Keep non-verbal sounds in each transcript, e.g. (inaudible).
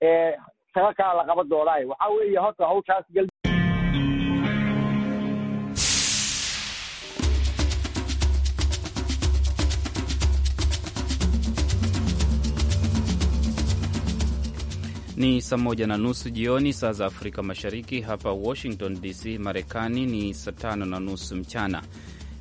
ee eh, taga la qaban doonaay waxa weeye horta hawshaas gal Ni saa moja na nusu jioni saa za Afrika Mashariki. Hapa Washington DC, Marekani ni saa tano na nusu mchana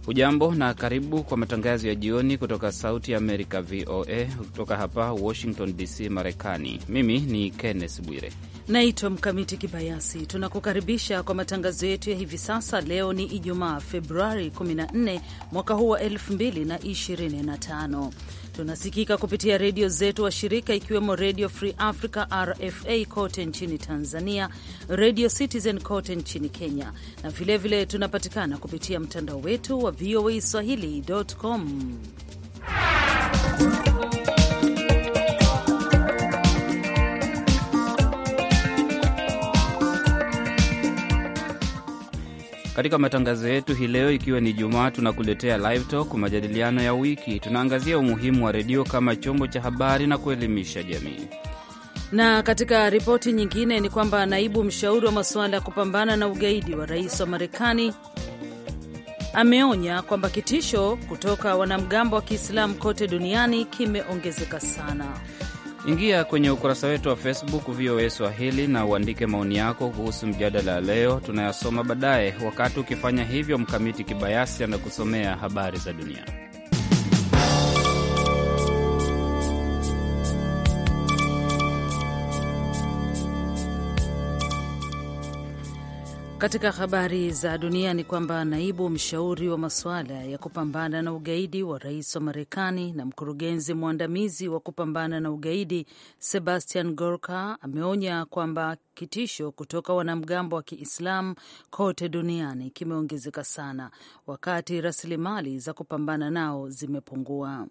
hujambo na karibu kwa matangazo ya jioni kutoka Sauti ya Amerika, VOA, kutoka hapa Washington DC, Marekani. Mimi ni Kenneth Bwire naitwa Mkamiti Kibayasi. Tunakukaribisha kwa matangazo yetu ya hivi sasa. Leo ni Ijumaa, Februari 14 mwaka huu wa 2025. Tunasikika kupitia redio zetu wa shirika ikiwemo Redio Free Africa RFA kote nchini Tanzania, Redio Citizen kote nchini Kenya, na vilevile vile tunapatikana kupitia mtandao wetu wa VOA swahili.com. Katika matangazo yetu hii leo, ikiwa ni Jumaa, tunakuletea live talk, majadiliano ya wiki. Tunaangazia umuhimu wa redio kama chombo cha habari na kuelimisha jamii. Na katika ripoti nyingine ni kwamba naibu mshauri wa masuala ya kupambana na ugaidi wa rais wa Marekani ameonya kwamba kitisho kutoka wanamgambo wa Kiislamu kote duniani kimeongezeka sana. Ingia kwenye ukurasa wetu wa Facebook VOA Swahili na uandike maoni yako kuhusu mjadala ya leo, tunayasoma baadaye. Wakati ukifanya hivyo, Mkamiti Kibayasi anakusomea habari za dunia. Katika habari za dunia ni kwamba naibu mshauri wa masuala ya kupambana na ugaidi wa rais wa Marekani na mkurugenzi mwandamizi wa kupambana na ugaidi Sebastian Gorka ameonya kwamba kitisho kutoka wanamgambo wa Kiislamu kote duniani kimeongezeka sana, wakati rasilimali za kupambana nao zimepungua.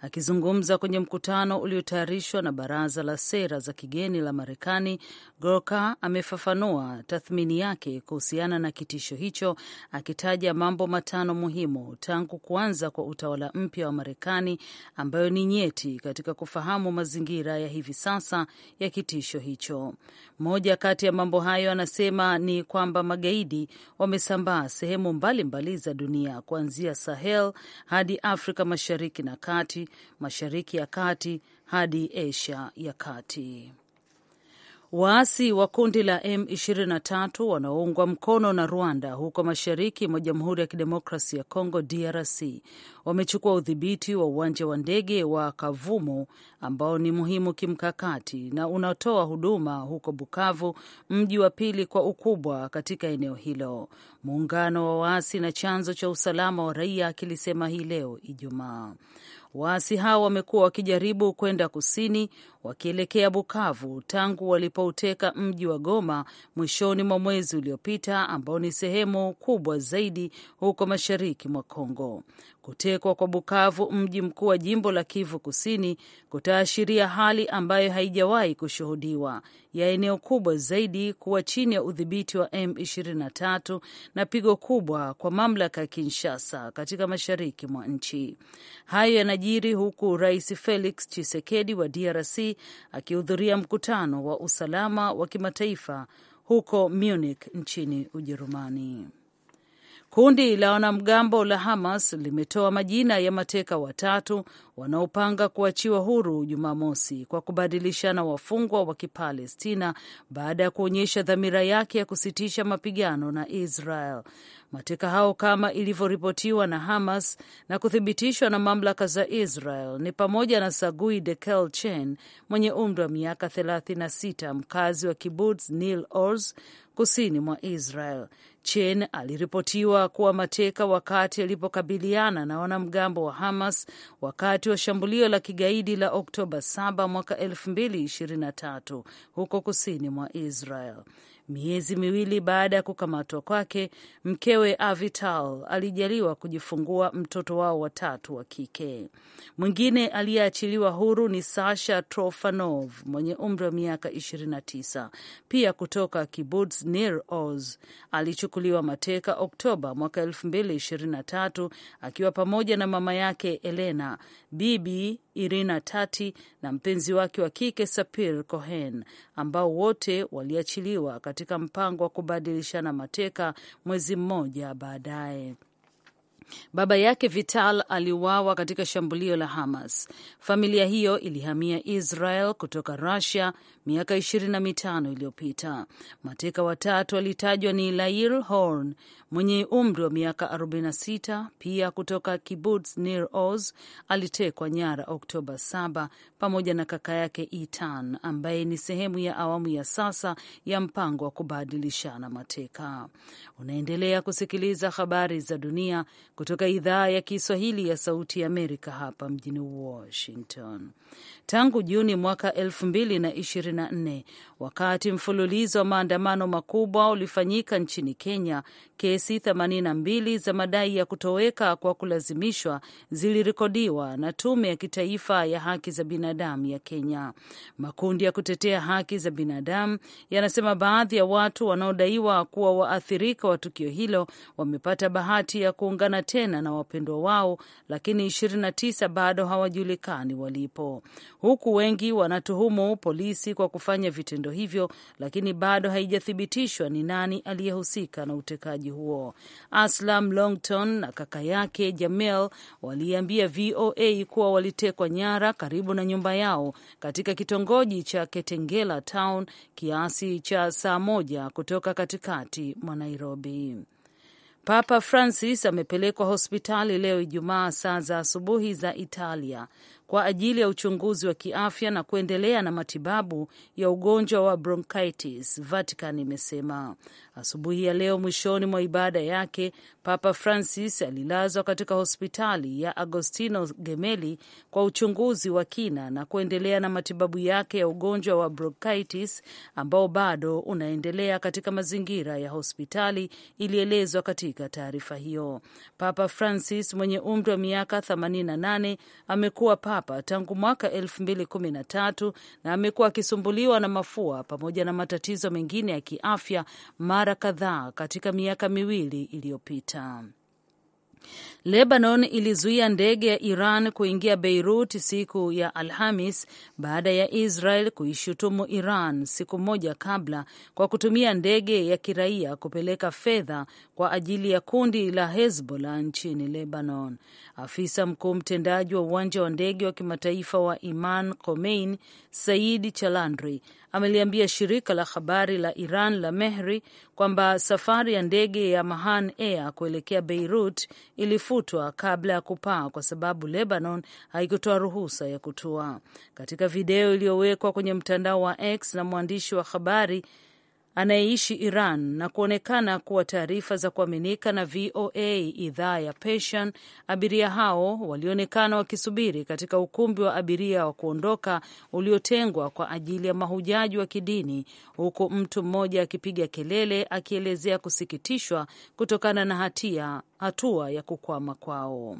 Akizungumza kwenye mkutano uliotayarishwa na baraza la sera za kigeni la Marekani, Gorka amefafanua tathmini yake kuhusiana na kitisho hicho, akitaja mambo matano muhimu tangu kuanza kwa utawala mpya wa Marekani ambayo ni nyeti katika kufahamu mazingira ya hivi sasa ya kitisho hicho. Moja kati ya mambo hayo anasema ni kwamba magaidi wamesambaa sehemu mbalimbali za dunia kuanzia Sahel hadi Afrika Mashariki na Kati, Mashariki ya Kati hadi Asia ya Kati. Waasi wa kundi la M23 wanaoungwa mkono na Rwanda huko mashariki mwa Jamhuri ya Kidemokrasi ya congo DRC wamechukua udhibiti wa uwanja wa ndege wa Kavumu ambao ni muhimu kimkakati na unatoa huduma huko Bukavu, mji wa pili kwa ukubwa katika eneo hilo. Muungano wa waasi na chanzo cha usalama wa raia kilisema hii leo Ijumaa. Waasi hao wamekuwa wakijaribu kwenda kusini wakielekea Bukavu tangu walipouteka mji wa Goma mwishoni mwa mwezi uliopita ambao ni sehemu kubwa zaidi huko mashariki mwa Kongo. Kutekwa kwa Bukavu, mji mkuu wa jimbo la Kivu Kusini, kutaashiria hali ambayo haijawahi kushuhudiwa ya eneo kubwa zaidi kuwa chini ya udhibiti wa M23 na pigo kubwa kwa mamlaka ya Kinshasa katika mashariki mwa nchi. Hayo yanajiri huku Rais Felix Tshisekedi wa DRC akihudhuria mkutano wa usalama wa kimataifa huko Munich nchini Ujerumani. Kundi la wanamgambo la Hamas limetoa majina ya mateka watatu wanaopanga kuachiwa huru Jumamosi kwa kubadilishana wafungwa wa Kipalestina baada ya kuonyesha dhamira yake ya kusitisha mapigano na Israel. Mateka hao kama ilivyoripotiwa na Hamas na kuthibitishwa na mamlaka za Israel ni pamoja na Sagui Dekel Chen mwenye umri wa miaka 36 mkazi wa kibuts nil Oz kusini mwa Israel, Chen aliripotiwa kuwa mateka wakati alipokabiliana na wanamgambo wa Hamas wakati wa shambulio la kigaidi la Oktoba 7 mwaka 2023 huko kusini mwa Israel. Miezi miwili baada ya kukamatwa kwake, mkewe Avital alijaliwa kujifungua mtoto wao watatu wa kike. Mwingine aliyeachiliwa huru ni Sasha Trofanov mwenye umri wa miaka 29 pia kutoka kibuts Nir Oz. Alichukuliwa mateka Oktoba mwaka 2023 akiwa pamoja na mama yake Elena, bibi Irina Tati na mpenzi wake wa kike Sapir Cohen, ambao wote waliachiliwa katika mpango wa kubadilishana mateka mwezi mmoja baadaye. Baba yake Vital aliuawa katika shambulio la Hamas. Familia hiyo ilihamia Israel kutoka Rusia miaka ishirini na mitano iliyopita. Mateka watatu alitajwa ni Lair Horn, mwenye umri wa miaka 46 pia kutoka kibuts Nir Oz alitekwa nyara Oktoba 7 pamoja na kaka yake Itan ambaye ni sehemu ya awamu ya sasa ya mpango wa kubadilishana mateka. Unaendelea kusikiliza habari za dunia kutoka idhaa ya Kiswahili ya Sauti ya Amerika hapa mjini Washington. Tangu Juni mwaka 2024 wakati mfululizo wa maandamano makubwa ulifanyika nchini Kenya, kesi Kesi 82 za madai ya kutoweka kwa kulazimishwa zilirekodiwa na Tume ya Kitaifa ya Haki za Binadamu ya Kenya. Makundi ya kutetea haki za binadamu yanasema baadhi ya watu wanaodaiwa kuwa waathirika wa tukio hilo wamepata bahati ya kuungana tena na wapendwa wao, lakini 29 bado hawajulikani walipo, huku wengi wanatuhumu polisi kwa kufanya vitendo hivyo, lakini bado haijathibitishwa ni nani aliyehusika na utekaji huo huo. Aslam Longton na kaka yake Jamel waliambia VOA kuwa walitekwa nyara karibu na nyumba yao katika kitongoji cha Ketengela Town kiasi cha saa moja kutoka katikati mwa Nairobi. Papa Francis amepelekwa hospitali leo Ijumaa saa za asubuhi za Italia kwa ajili ya uchunguzi wa kiafya na kuendelea na matibabu ya ugonjwa wa bronkitis, Vatican imesema. Asubuhi ya leo, mwishoni mwa ibada yake, Papa Francis alilazwa katika hospitali ya Agostino Gemelli kwa uchunguzi wa kina na kuendelea na matibabu yake ya ugonjwa wa bronkitis ambao bado unaendelea katika mazingira ya hospitali, ilielezwa katika taarifa hiyo. Papa Francis mwenye umri wa miaka 88 amekuwa hapa tangu mwaka tatu na amekuwa akisumbuliwa na mafua pamoja na matatizo mengine ya kiafya mara kadhaa katika miaka miwili iliyopita. Lebanon ilizuia ndege ya Iran kuingia Beirut siku ya Alhamis baada ya Israel kuishutumu Iran siku moja kabla kwa kutumia ndege ya kiraia kupeleka fedha kwa ajili ya kundi la Hezbollah nchini Lebanon. Afisa mkuu mtendaji wa uwanja wa ndege wa kimataifa wa Iman Khomeini Said Chalandri ameliambia shirika la habari la Iran la Mehri kwamba safari ya ndege ya Mahan Air kuelekea Beirut ilifutwa kabla ya kupaa kwa sababu Lebanon haikutoa ruhusa ya kutua. Katika video iliyowekwa kwenye mtandao wa X na mwandishi wa habari anayeishi Iran na kuonekana kuwa taarifa za kuaminika na VOA idhaa ya Persian. Abiria hao walionekana wakisubiri katika ukumbi wa abiria wa kuondoka uliotengwa kwa ajili ya mahujaji wa kidini, huku mtu mmoja akipiga kelele akielezea kusikitishwa kutokana na hatia hatua ya kukwama kwao.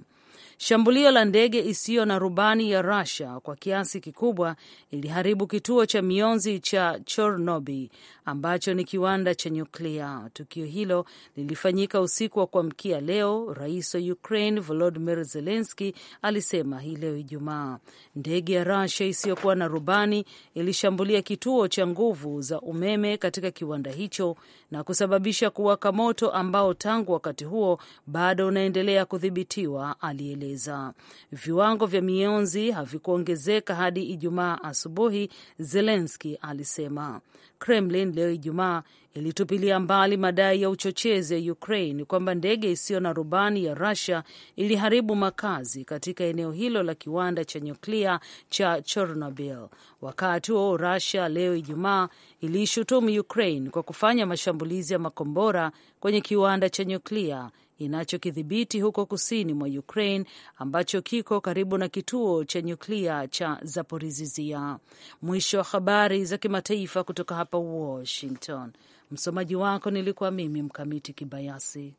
Shambulio la ndege isiyo na rubani ya Russia kwa kiasi kikubwa iliharibu kituo cha mionzi cha Chornobi ambacho ni kiwanda cha nyuklia. Tukio hilo lilifanyika usiku wa kuamkia leo, rais wa Ukraine volodimir zelenski alisema hii leo Ijumaa. Ndege ya Russia isiyokuwa na rubani ilishambulia kituo cha nguvu za umeme katika kiwanda hicho na kusababisha kuwaka moto ambao tangu wakati huo bado unaendelea kudhibitiwa, alieleza. Uingereza. Viwango vya mionzi havikuongezeka hadi Ijumaa asubuhi, Zelenski alisema. Kremlin leo Ijumaa ilitupilia mbali madai ya uchochezi ya Ukraine kwamba ndege isiyo na rubani ya Russia iliharibu makazi katika eneo hilo la kiwanda cha nyuklia cha Chernobyl. Wakati huo Russia leo Ijumaa iliishutumu Ukraine kwa kufanya mashambulizi ya makombora kwenye kiwanda cha nyuklia inachokidhibiti huko kusini mwa Ukraine ambacho kiko karibu na kituo cha nyuklia cha Zaporizhia. Mwisho wa habari za kimataifa kutoka hapa Washington. Msomaji wako nilikuwa mimi Mkamiti Kibayasi.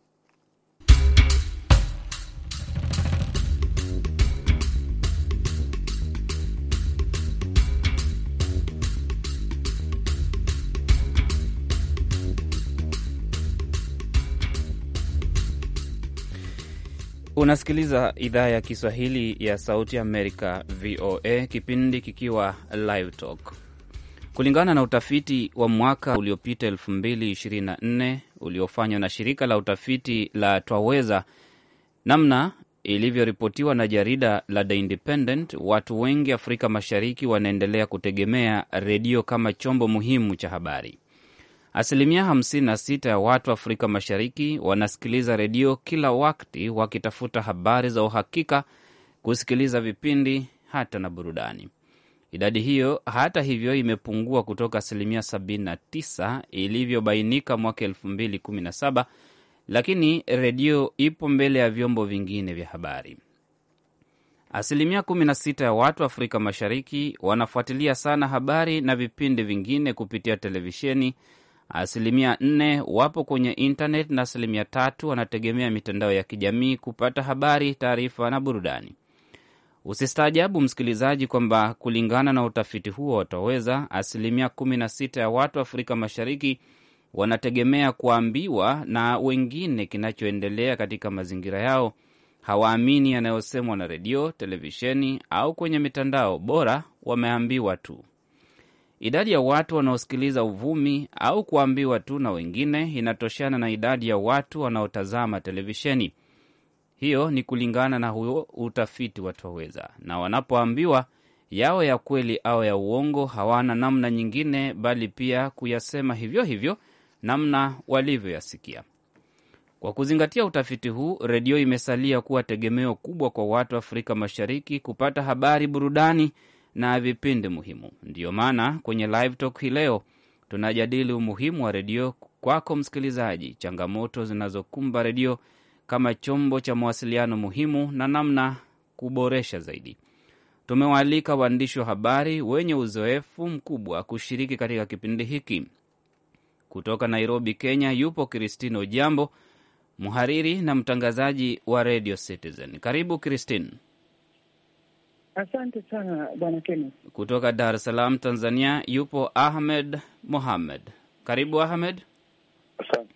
Unasikiliza idhaa ya Kiswahili ya Sauti Amerika, VOA, kipindi kikiwa Live Talk. Kulingana na utafiti wa mwaka uliopita 2024 uliofanywa na shirika la utafiti la Twaweza, namna ilivyoripotiwa na jarida la The Independent, watu wengi Afrika Mashariki wanaendelea kutegemea redio kama chombo muhimu cha habari. Asilimia 56 ya watu Afrika Mashariki wanasikiliza redio kila wakati, wakitafuta habari za uhakika, kusikiliza vipindi hata na burudani. Idadi hiyo hata hivyo imepungua kutoka asilimia 79 ilivyobainika mwaka 2017, lakini redio ipo mbele ya vyombo vingine vya habari. Asilimia 16 ya watu Afrika Mashariki wanafuatilia sana habari na vipindi vingine kupitia televisheni asilimia nne wapo kwenye intnet na asilimia tatu wanategemea mitandao ya kijamii kupata habari, taarifa na burudani. Usistaajabu msikilizaji, kwamba kulingana na utafiti huo wataweza, asilimia 16 ya watu Afrika Mashariki wanategemea kuambiwa na wengine kinachoendelea katika mazingira yao. Hawaamini yanayosemwa na redio, televisheni au kwenye mitandao, bora wameambiwa tu. Idadi ya watu wanaosikiliza uvumi au kuambiwa tu na wengine inatoshana na idadi ya watu wanaotazama televisheni. Hiyo ni kulingana na huo utafiti wa Twaweza, na wanapoambiwa yao ya kweli au ya uongo, hawana namna nyingine bali pia kuyasema hivyo hivyo namna walivyoyasikia. Kwa kuzingatia utafiti huu, redio imesalia kuwa tegemeo kubwa kwa watu Afrika Mashariki kupata habari, burudani na vipindi muhimu. Ndiyo maana kwenye Live Talk hii leo tunajadili umuhimu wa redio kwako msikilizaji, changamoto zinazokumba redio kama chombo cha mawasiliano muhimu na namna kuboresha zaidi. Tumewaalika waandishi wa habari wenye uzoefu mkubwa kushiriki katika kipindi hiki. Kutoka Nairobi, Kenya, yupo Kristin Ojambo, mhariri na mtangazaji wa Radio Citizen. Karibu kristin Asante sana bwana Kenneth. Kutoka Dar es Salaam, Tanzania, yupo Ahmed Mohamed. Karibu Ahmed. Asante.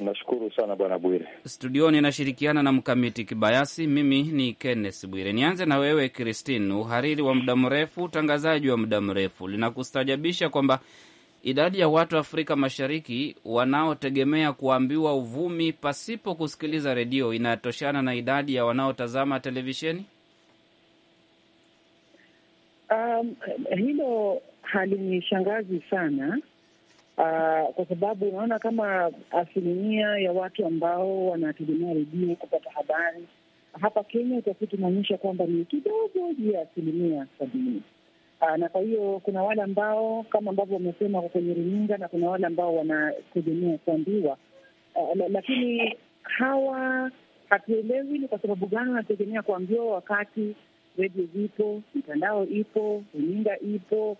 Nashukuru sana bwana Bwire. Studioni inashirikiana na Mkamiti Kibayasi. Mimi ni Kenneth Bwire. Nianze na wewe Christine, uhariri wa muda mrefu, utangazaji wa muda mrefu, linakustajabisha kwamba idadi ya watu Afrika Mashariki wanaotegemea kuambiwa uvumi pasipo kusikiliza redio inatoshana na idadi ya wanaotazama televisheni? Um, hilo halinishangazi sana uh, kwa sababu unaona kama asilimia ya watu ambao wanategemea redio kupata habari hapa Kenya, utafiti unaonyesha kwamba ni kidogo juu ya asilimia sabini. Uh, na kwa hiyo kuna wale ambao kama ambavyo wamesema wako kwenye runinga na kuna wale ambao wanategemea kuambiwa uh, lakini hawa hatuelewi ni kwa sababu gani wanategemea kuambiwa wakati redio zipo, mitandao ipo, runinga ipo.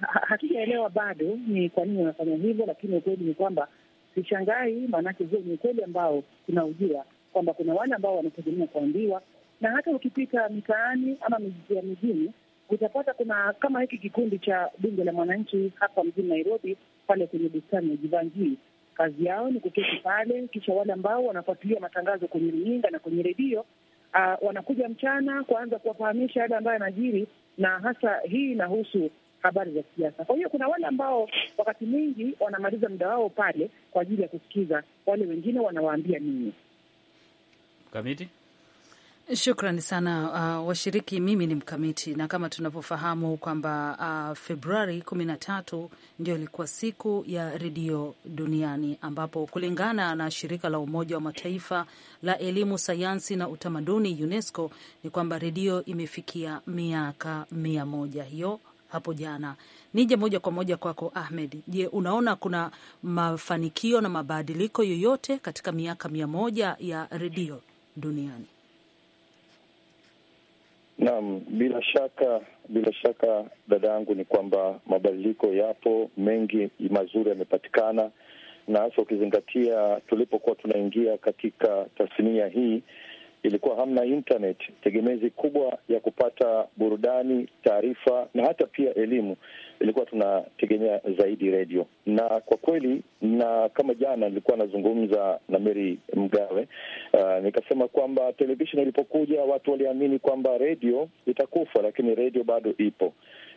Hatujaelewa bado ni kwa nini wanafanya hivyo, lakini ukweli ni kwamba sishangai, maanake huo ni ukweli ambao tunaujua kwamba kuna wale ambao wanategemea kuambiwa, na hata ukipita mitaani ama miji ya mijini utapata kuna kama hiki kikundi cha bunge la mwananchi hapa mjini Nairobi, pale kwenye bustani ya Jivanjii. Kazi yao ni kuketi pale, kisha wale ambao wanafuatilia matangazo kwenye runinga na kwenye redio uh, wanakuja mchana kuanza kuwafahamisha yale ambayo yanajiri, na hasa hii inahusu habari za kisiasa. Kwa hiyo kuna wale ambao wakati mwingi wanamaliza muda wao pale kwa ajili ya kusikiza wale wengine wanawaambia nini. Kamiti Shukrani sana uh, washiriki. Mimi ni Mkamiti, na kama tunavyofahamu kwamba uh, Februari kumi na tatu ndio ilikuwa siku ya redio duniani, ambapo kulingana na shirika la Umoja wa Mataifa la elimu, sayansi na utamaduni UNESCO ni kwamba redio imefikia miaka mia moja hiyo hapo jana. Nije moja kwa moja kwako Ahmed. Je, unaona kuna mafanikio na mabadiliko yoyote katika miaka mia moja ya redio duniani? Naam, bila shaka, bila shaka dada yangu, ni kwamba mabadiliko yapo mengi, mazuri yamepatikana, na hasa ukizingatia tulipokuwa tunaingia katika tasnia hii ilikuwa hamna internet, tegemezi kubwa ya kupata burudani, taarifa na hata pia elimu ilikuwa tunategemea zaidi redio, na kwa kweli, na kama jana nilikuwa nazungumza na Mary Mgawe, uh, nikasema kwamba televisheni ilipokuja watu waliamini kwamba redio itakufa, lakini redio bado ipo.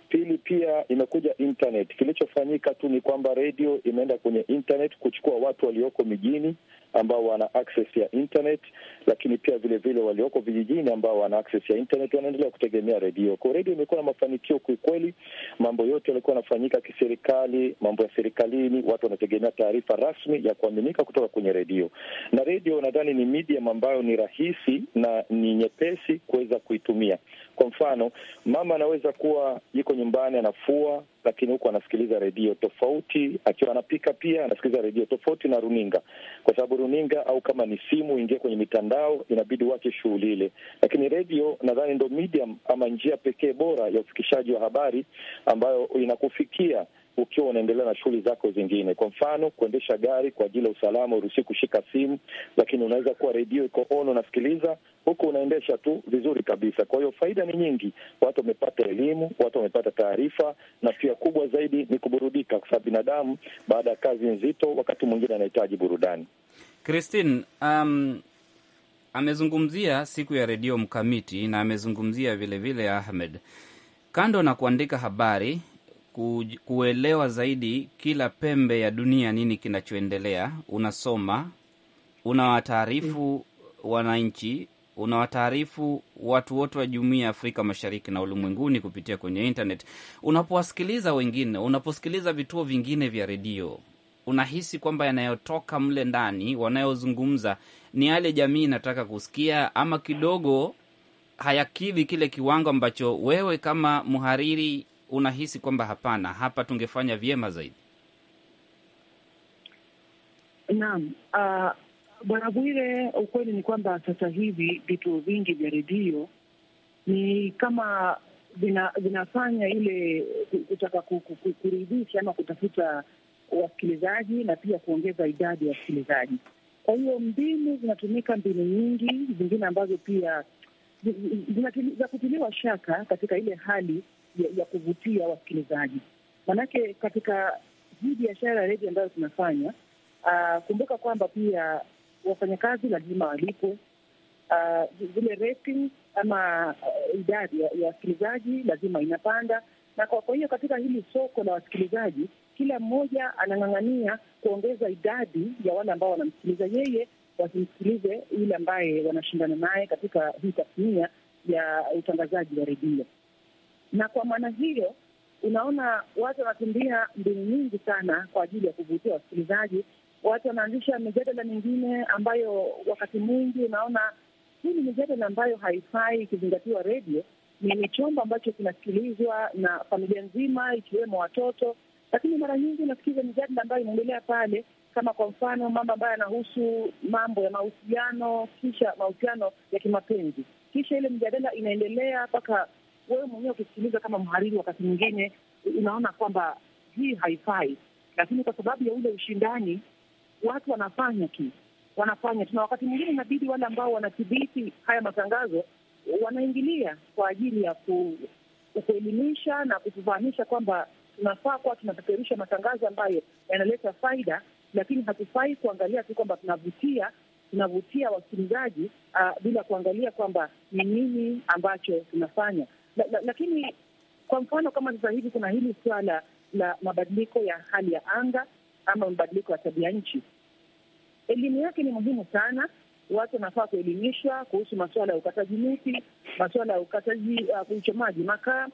Pili pia imekuja internet. Kilichofanyika tu ni kwamba redio imeenda kwenye internet kuchukua watu walioko mijini ambao wana access ya internet, lakini pia vilevile walioko vijijini ambao wana access ya internet wanaendelea kutegemea redio. Kwa redio imekuwa na mafanikio kiukweli. Mambo yote yalikuwa yanafanyika kiserikali, mambo ya serikalini, watu wanategemea taarifa rasmi ya kuaminika kutoka kwenye redio, na redio nadhani ni medium ambayo ni rahisi na ni nyepesi kuweza kuitumia. Kwa mfano, mama anaweza kuwa yuko nyumbani anafua, lakini huku anasikiliza redio tofauti. Akiwa anapika pia anasikiliza redio tofauti na runinga, kwa sababu runinga au kama ni simu, ingia kwenye mitandao, inabidi wake shughuli ile. Lakini redio nadhani ndo medium ama njia pekee bora ya ufikishaji wa habari ambayo inakufikia ukiwa unaendelea na shughuli zako zingine. Kwa mfano, kuendesha gari kwa ajili ya usalama, uruhusi kushika simu, lakini unaweza kuwa redio iko on, unasikiliza huku unaendesha tu vizuri kabisa. Kwa hiyo faida ni nyingi, watu wamepata elimu, watu wamepata taarifa, na pia kubwa zaidi ni kuburudika, kwa sababu binadamu baada ya kazi nzito, wakati mwingine anahitaji burudani. Christine, um, amezungumzia siku ya redio mkamiti na amezungumzia vilevile vile Ahmed, kando na kuandika habari kuelewa zaidi kila pembe ya dunia nini kinachoendelea. Unasoma, unawataarifu wananchi, unawataarifu watu wote wa jumuia ya Afrika Mashariki na ulimwenguni kupitia kwenye internet. Unapowasikiliza wengine, unaposikiliza vituo vingine vya redio, unahisi kwamba yanayotoka mle ndani wanayozungumza ni yale jamii inataka kusikia ama kidogo hayakidhi kile kiwango ambacho wewe kama mhariri unahisi kwamba hapana, hapa tungefanya vyema zaidi? Naam, uh, Bwana Bwire, ukweli ni kwamba sasa hivi vituo vingi vya redio ni kama vina, vinafanya ile kutaka kuridhisha ama kutafuta wasikilizaji na pia kuongeza idadi ya wasikilizaji. Kwa hiyo mbinu zinatumika, mbinu nyingi zingine ambazo pia za kutiliwa shaka katika ile hali ya, ya kuvutia wasikilizaji, manake katika hii biashara ya redio ambayo tunafanya uh, kumbuka kwamba pia wafanyakazi lazima walipwe ah, zile rating ama uh, idadi ya wasikilizaji lazima inapanda, na kwa, kwa hiyo katika hili soko la wasikilizaji kila mmoja anang'ang'ania kuongeza idadi ya wale ambao wanamsikiliza yeye, wasimsikilize yule ambaye wanashindana naye katika hii tasnia ya utangazaji wa redio na kwa maana hiyo unaona watu wanatumbia mbinu nyingi sana kwa ajili ya kuvutia wasikilizaji. Watu wanaanzisha mijadala mingine ambayo wakati mwingi unaona hii ni mijadala ambayo haifai, ikizingatiwa redio ni chombo ambacho kinasikilizwa na familia nzima, ikiwemo watoto, lakini mara nyingi unasikiza mijadala ambayo inaendelea pale, kama kwa mfano mambo ambayo yanahusu mambo ya mahusiano, kisha mahusiano ya kimapenzi, kisha ile mijadala inaendelea mpaka wewe mwenyewe ukisikiliza kama mhariri, wakati mwingine unaona kwamba hii haifai, lakini kwa sababu ya ule ushindani watu wanafanya tu wanafanya tu, na wakati mwingine inabidi wale ambao wanathibiti haya matangazo wanaingilia kwa ajili ya kuelimisha na kutufahamisha kwamba tunafaa kuwa tunapeperusha matangazo ambayo yanaleta faida, lakini hatufai kuangalia tu kwamba tunavutia tunavutia wasikilizaji uh, bila kuangalia kwamba ni nini ambacho tunafanya la, la, lakini kwa mfano kama sasa hivi kuna hili suala la mabadiliko ya hali ya anga ama mabadiliko ya tabia nchi, elimu yake ni muhimu sana. Watu wanafaa kuelimishwa kuhusu masuala ya ukataji miti, masuala ya ukataji uh, uchomaji makaa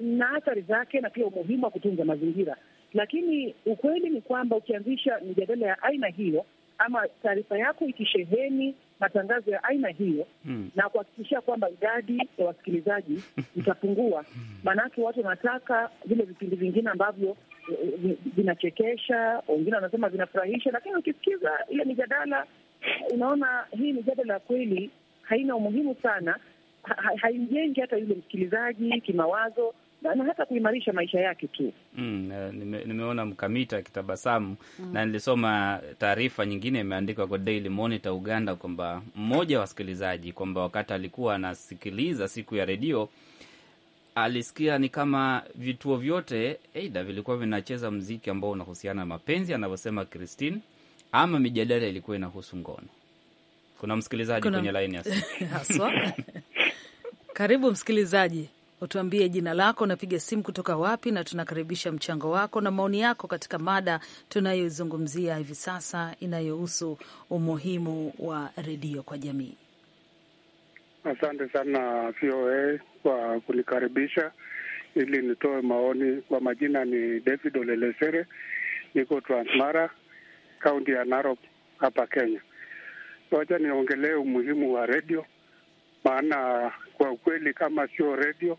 na athari zake, na pia umuhimu wa kutunza mazingira. Lakini ukweli ni kwamba ukianzisha mijadala ya aina hiyo ama taarifa yako ikisheheni matangazo ya aina hiyo hmm, na kuhakikishia kwamba idadi ya wasikilizaji (laughs) itapungua. Hmm. Maanake watu wanataka vile vipindi vingine ambavyo eh, eh, vinachekesha, wengine wanasema vinafurahisha, lakini ukisikiza ile mijadala unaona hii mijadala ya kweli haina umuhimu sana, haimjengi hata yule msikilizaji kimawazo na, hata kuimarisha maisha yake tu. Mm, nime, nimeona mkamita akitabasamu mm. Na nilisoma taarifa nyingine imeandikwa kwa Daily Monitor Uganda kwamba mmoja wa wasikilizaji kwamba wakati alikuwa anasikiliza siku ya redio alisikia ni kama vituo vyote aidha vilikuwa vinacheza mziki ambao unahusiana na mapenzi anavyosema Christine, ama mijadala ilikuwa inahusu ngono. Kuna msikilizaji kuna... kwenye laini ya simu. (laughs) Karibu msikilizaji utuambie jina lako, napiga simu kutoka wapi, na tunakaribisha mchango wako na maoni yako katika mada tunayoizungumzia hivi sasa inayohusu umuhimu wa redio kwa jamii. Asante sana VOA kwa kunikaribisha ili nitoe maoni. Kwa majina ni David Olelesere, niko Transmara, kaunti ya Narok hapa Kenya. Wacha niongelee umuhimu wa redio, maana kwa ukweli kama sio redio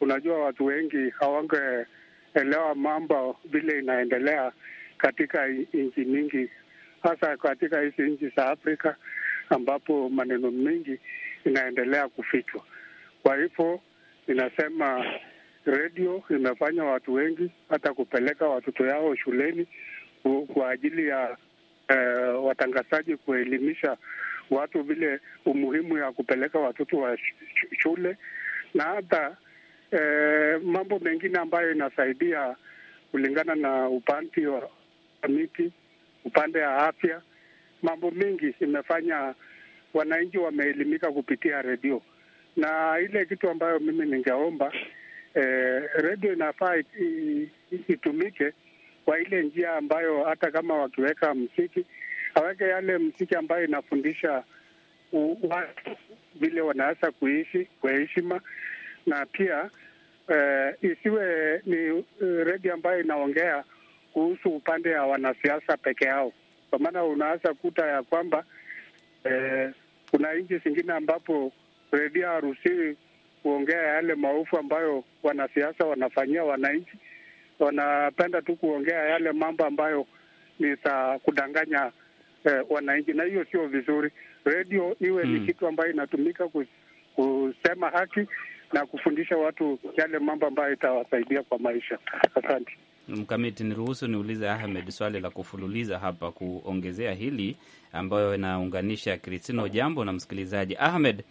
Unajua, watu wengi hawangeelewa mambo vile inaendelea katika nchi mingi, hasa katika hizi nchi za Afrika ambapo maneno mengi inaendelea kufichwa. Kwa hivyo inasema redio imefanya watu wengi hata kupeleka watoto yao shuleni kwa ajili ya eh, watangazaji kuelimisha watu vile umuhimu ya kupeleka watoto wa shule na hata e, mambo mengine ambayo inasaidia kulingana na upande wa miti, upande wa afya, mambo mengi imefanya wananchi wameelimika kupitia redio, na ile kitu ambayo mimi ningeomba e, redio inafaa itumike kwa ile njia ambayo hata kama wakiweka msiki aweke yale msiki ambayo inafundisha watu vile wanaweza kuishi kwa heshima na pia uh, isiwe ni uh, eh, redio ambayo inaongea kuhusu upande ya wanasiasa peke yao, kwa maana unaweza kuta ya kwamba uh, kuna nchi zingine ambapo redio haruhusiwi kuongea yale maovu ambayo wanasiasa wanafanyia wananchi. Wanapenda tu kuongea yale mambo ambayo ni za kudanganya eh, wananchi, na hiyo sio vizuri. Redio iwe ni mm, kitu ambayo inatumika kusema haki na kufundisha watu yale mambo ambayo itawasaidia kwa maisha. Asante Mkamiti, niruhusu niulize Ahmed swali la kufululiza hapa kuongezea hili ambayo inaunganisha Kristino jambo na msikilizaji Ahmed.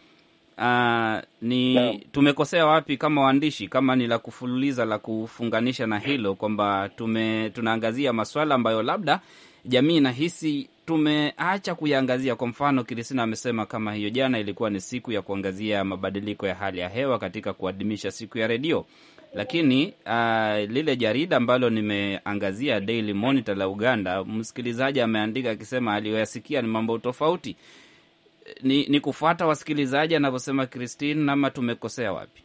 Uh, ni no. Tumekosea wapi kama waandishi, kama ni la kufululiza la kufunganisha na hilo kwamba tume tunaangazia maswala ambayo labda jamii nahisi tumeacha kuyangazia Kwa mfano, Kristina amesema kama hiyo jana ilikuwa ni siku ya kuangazia mabadiliko ya hali ya hewa katika kuadhimisha siku ya redio, lakini uh, lile jarida ambalo nimeangazia Daily Monitor la Uganda, msikilizaji ameandika akisema aliyoyasikia ni mambo tofauti. Ni, ni kufuata wasikilizaji anavyosema Christine, ama tumekosea wapi?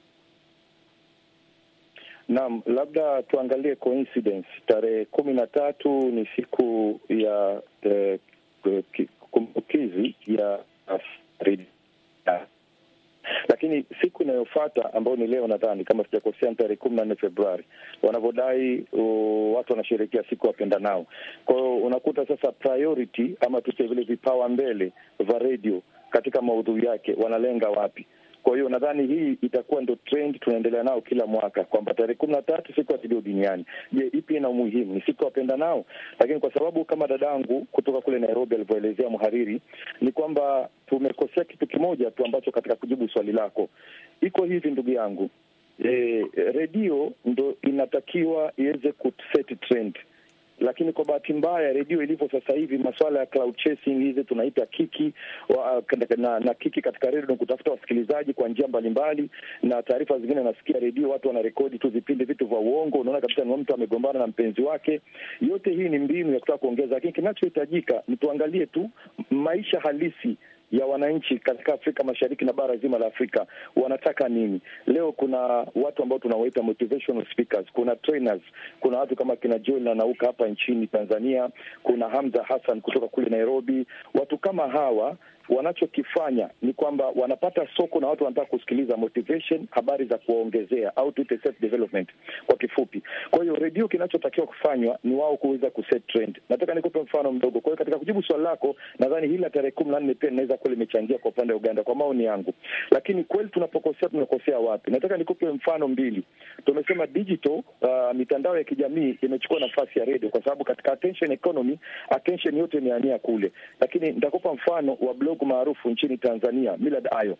Naam, labda tuangalie coincidence. Tarehe kumi na tatu ni siku ya eh, kumbukizi ya lakini siku inayofata ambayo ni leo, nadhani kama sijakosea, tarehe kumi na nne Februari wanavyodai watu wanasherehekea siku wapenda nao. Kwa hiyo unakuta sasa priority ama tuse vile vipawa mbele vya redio katika maudhui yake, wanalenga wapi? Kwa hiyo nadhani hii itakuwa ndo trend tunaendelea nao kila mwaka kwamba tarehe kumi na tatu siku atidio duniani. Je, ipi ina umuhimu? Ni siku wapenda nao, lakini kwa sababu kama dadangu kutoka kule Nairobi alivyoelezea mhariri, ni kwamba tumekosea kitu kimoja tu ambacho katika kujibu swali lako iko hivi, ndugu yangu. E, redio ndo inatakiwa iweze kuseti trend lakini kwa bahati mbaya redio ilivyo sasa hivi, masuala ya cloud chasing hizi tunaita kiki wa, uh, na, na kiki katika redio ni kutafuta wasikilizaji kwa njia mbalimbali, na taarifa zingine nasikia redio watu wanarekodi tu vipindi vitu vya uongo, unaona kabisa ni mtu amegombana na mpenzi wake. Yote hii ni mbinu ya kutaka kuongeza, lakini kinachohitajika ni tuangalie tu maisha halisi ya wananchi katika Afrika Mashariki na bara zima la Afrika wanataka nini. Leo kuna watu ambao tunawaita motivational speakers, kuna trainers, kuna watu kama kina Joel na Nauka hapa nchini Tanzania, kuna Hamza Hassan kutoka kule Nairobi. Watu kama hawa wanachokifanya ni kwamba wanapata soko na watu wanataka kusikiliza motivation, habari za kuwaongezea au tuite self development kwa kifupi. Kwa hiyo redio, kinachotakiwa kufanywa ni wao kuweza kuset trend. Nataka nikupe mfano mdogo. Kwa hiyo katika kujibu swali lako, nadhani hili la tarehe kumi na nne pia linaweza kuwa limechangia kwa upande wa Uganda, kwa maoni yangu. Lakini kweli tunapokosea, tunakosea wapi? Nataka nikupe mfano mbili. Tumesema digital, uh, mitandao ya kijamii imechukua nafasi ya redio, kwa sababu katika attention economy, attention yote imeania kule, lakini nitakupa mfano wa blog maarufu nchini Tanzania, Millard Ayo.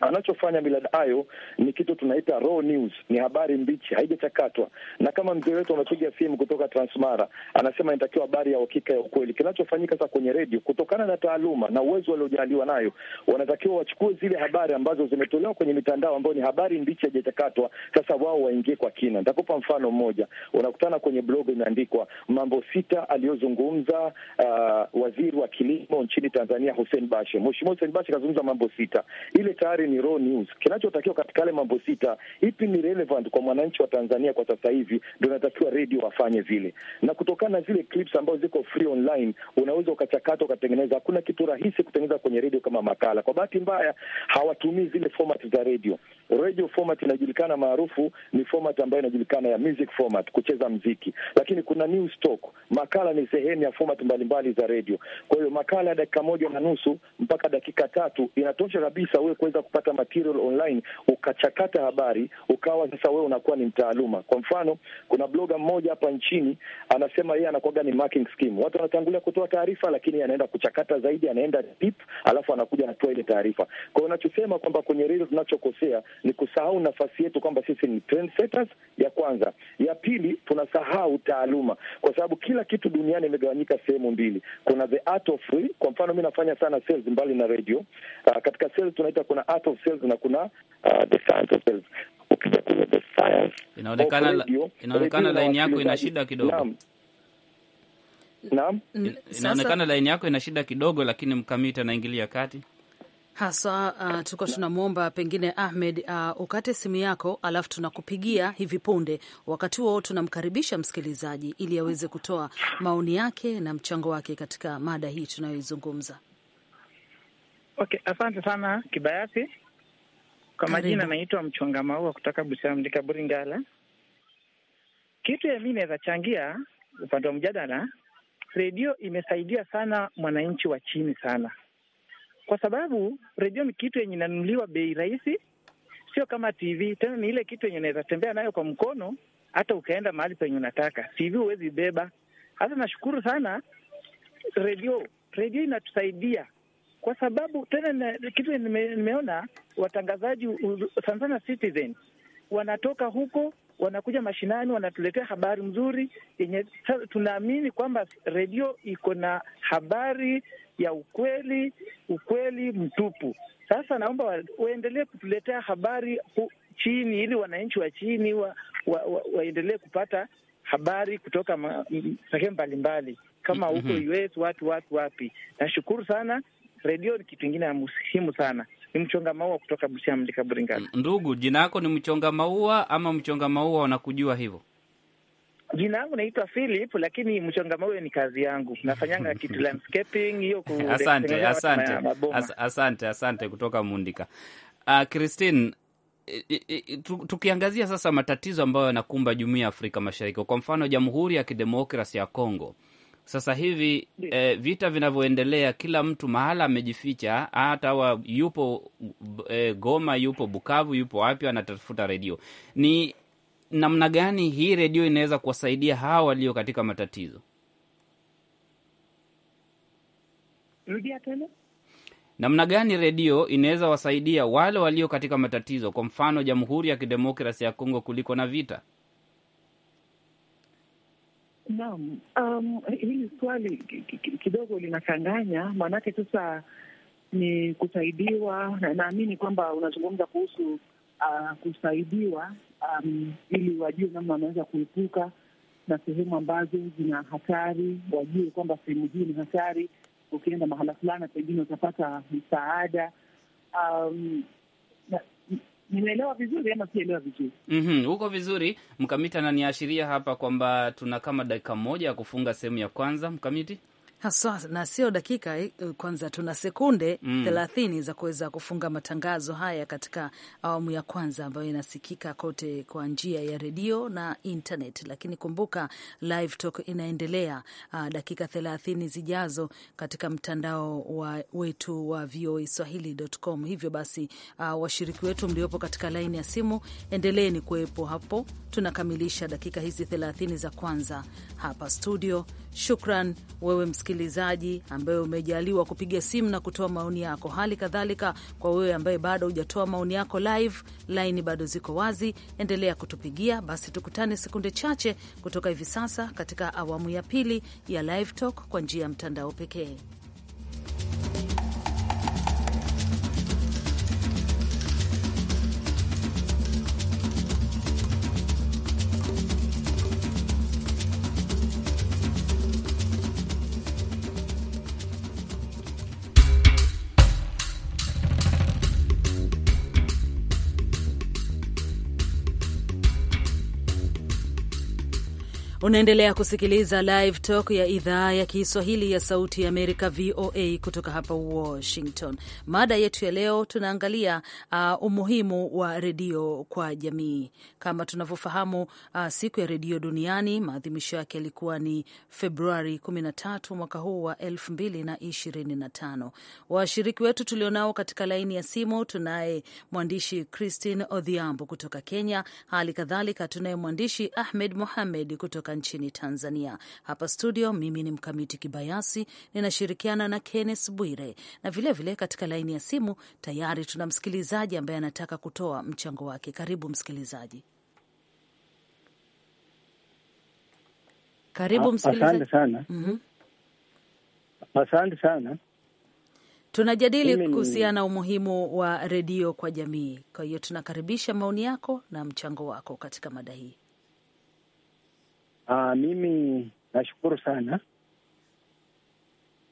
Anachofanya Millard Ayo ni kitu tunaita raw news, ni habari mbichi, haijachakatwa. Na kama mzee wetu amepiga simu kutoka Transmara, anasema inatakiwa habari ya uhakika ya ukweli. Kinachofanyika sasa kwenye redio, kutokana na taaluma na uwezo waliojaliwa nayo, wanatakiwa wachukue zile habari ambazo zimetolewa kwenye mitandao, ambayo ni habari mbichi, haijachakatwa. Sasa wao waingie kwa kina. Nitakupa mfano mmoja, unakutana kwenye blog imeandikwa mambo sita aliyozungumza uh, waziri wa kilimo nchini Tanzania Hussein Bashe. Mheshimiwa Hussein Bashe kazungumza mambo sita, ile tayari ni raw news. Kinachotakiwa katika yale mambo sita, ipi ni relevant kwa mwananchi wa Tanzania kwa sasa hivi, ndo natakiwa redio wafanye vile, na kutokana na zile clips ambazo ziko free online, unaweza ukachakata ukatengeneza. Hakuna kitu rahisi kutengeneza kwenye redio kama makala. Kwa bahati mbaya, hawatumii zile format za redio. Radio format inajulikana maarufu ni format ambayo inajulikana ya music format, kucheza mziki, lakini kuna news talk. Makala ni sehemu ya format mbalimbali za redio. Kwa hiyo makala ya dakika moja na nusu mpaka dakika tatu inatosha kabisa wewe kuweza kupata kupata material online, ukachakata habari, ukawa sasa wewe unakuwa ni mtaaluma. Kwa mfano, kuna bloga mmoja hapa nchini anasema yeye anakuwaga ni marking scheme. Watu wanatangulia kutoa taarifa, lakini anaenda kuchakata zaidi, anaenda deep, alafu anakuja anatoa ile taarifa. Kwa hiyo unachosema kwamba kwenye redio tunachokosea ni kusahau nafasi yetu kwamba sisi ni trendsetters, ya kwanza. Ya pili, tunasahau taaluma, kwa sababu kila kitu duniani imegawanyika sehemu mbili. Kuna the art of free. Kwa mfano, mi nafanya sana sales mbali na radio. Uh, katika sales tunaita kuna art of Sales na kuna uh, the Science of Sales. Ukija kwenye the Science, inaonekana inaonekana yako ina shida kidogo. Naam. Mm, Naam. inaonekana laini yako ina shida kidogo, lakini mkamiti anaingilia kati haswa uh, tulikuwa tunamwomba pengine Ahmed uh, ukate simu yako, alafu tunakupigia hivi punde. Wakati huo tunamkaribisha msikilizaji ili aweze kutoa maoni yake na mchango wake katika mada hii tunayoizungumza. Okay, asante sana Kibayasi. Kwa majina naitwa Mchonga Maua kutoka Busia Mdika Buringala. Kitu ya mimi naweza changia upande wa mjadala, redio imesaidia sana mwananchi wa chini sana, kwa sababu redio ni kitu yenye inanunuliwa bei rahisi, sio kama TV tena. Ni ile kitu yenye unaweza tembea nayo kwa mkono, hata ukaenda mahali penye unataka. TV huwezi beba. Hasa nashukuru sana redio, redio inatusaidia kwa sababu tena na, kitu nime, nimeona watangazaji sanasana Citizen wanatoka huko wanakuja mashinani, wanatuletea habari mzuri yenye tunaamini kwamba redio iko na habari ya ukweli, ukweli mtupu. Sasa naomba waendelee kutuletea habari chini, ili wananchi wa chini wa, wa, wa, waendelee kupata habari kutoka sehemu mbalimbali kama mm-hmm. huko mm -hmm. US watu watu wapi. Nashukuru sana redio ni kitu ingine ya muhimu sana. Ni mchonga maua kutoka Busia, Mlika Buringani. Ndugu, jina yako ni mchonga maua ama mchonga maua wanakujua hivyo? Jina yangu naitwa Philip, lakini mchonga maua ni kazi yangu, nafanyanga kitu (laughs) landscaping hiyo. Asante, asante, asante, asante kutoka Mundika. Uh, Christine, tukiangazia sasa matatizo ambayo yanakumba jumuiya ya Afrika Mashariki, kwa mfano Jamhuri ya Kidemokrasi ya congo sasa hivi eh, vita vinavyoendelea, kila mtu mahala amejificha, hata wa yupo eh, Goma, yupo Bukavu, yupo wapi, anatafuta redio. Ni namna gani hii redio inaweza kuwasaidia hawa walio katika matatizo? Rudia tena. Namna gani redio inaweza wasaidia wale walio katika matatizo, kwa mfano Jamhuri ya Kidemokrasi ya Kongo kuliko na vita? Naam, um, hili swali kidogo linachanganya, maanake sasa ni kusaidiwa, na naamini kwamba unazungumza kuhusu uh, kusaidiwa um, ili wajue namna wanaweza kuepuka na sehemu ambazo zina hatari, wajue kwamba sehemu hii ni hatari, ukienda mahala fulani pengine utapata msaada um, nimeelewa vizuri ama sielewa vizuri? mm -hmm, huko vizuri. Mkamiti ananiashiria hapa kwamba tuna kama dakika moja ya kufunga sehemu ya kwanza. Mkamiti haswa na sio dakika. Eh, kwanza tuna sekunde mm. thelathini mm. za kuweza kufunga matangazo haya katika awamu ya kwanza ambayo inasikika kote kwa njia ya redio na internet, lakini kumbuka live talk inaendelea uh, dakika thelathini zijazo katika mtandao wa wetu wa VOA Swahili.com. Hivyo basi uh, washiriki wetu mliopo katika laini ya simu endeleeni kuwepo hapo, tunakamilisha dakika hizi thelathini za kwanza hapa studio. Shukran wewe msikia msikilizaji ambaye umejaliwa kupiga simu na kutoa maoni yako. Hali kadhalika kwa wewe ambaye bado hujatoa maoni yako live, laini bado ziko wazi, endelea kutupigia. Basi tukutane sekunde chache kutoka hivi sasa katika awamu ya pili ya Live Talk kwa njia ya mtandao pekee. Unaendelea kusikiliza Live Talk ya idhaa ya Kiswahili ya Sauti ya Amerika, VOA, kutoka hapa Washington. Mada yetu ya leo tunaangalia uh, umuhimu wa redio kwa jamii. Kama tunavyofahamu, uh, siku ya redio duniani maadhimisho yake yalikuwa ni Februari 13 mwaka huu wa 2025. Washiriki wetu tulionao katika laini ya simu, tunaye mwandishi Christine Odhiambo kutoka Kenya, hali kadhalika tunaye mwandishi Ahmed Mohamed kutoka kutoka nchini Tanzania. Hapa studio, mimi ni Mkamiti Kibayasi, ninashirikiana na Kenneth Bwire na vilevile vile katika laini ya simu tayari tuna msikilizaji ambaye anataka kutoa mchango wake. Karibu msikilizaji. Karibu ah, msikilizaji. Asante sana. Mm-hmm. Asante sana. Tunajadili kuhusiana umuhimu wa redio kwa jamii. Kwa hiyo tunakaribisha maoni yako na mchango wako katika mada hii. Aa, ah, mimi nashukuru sana.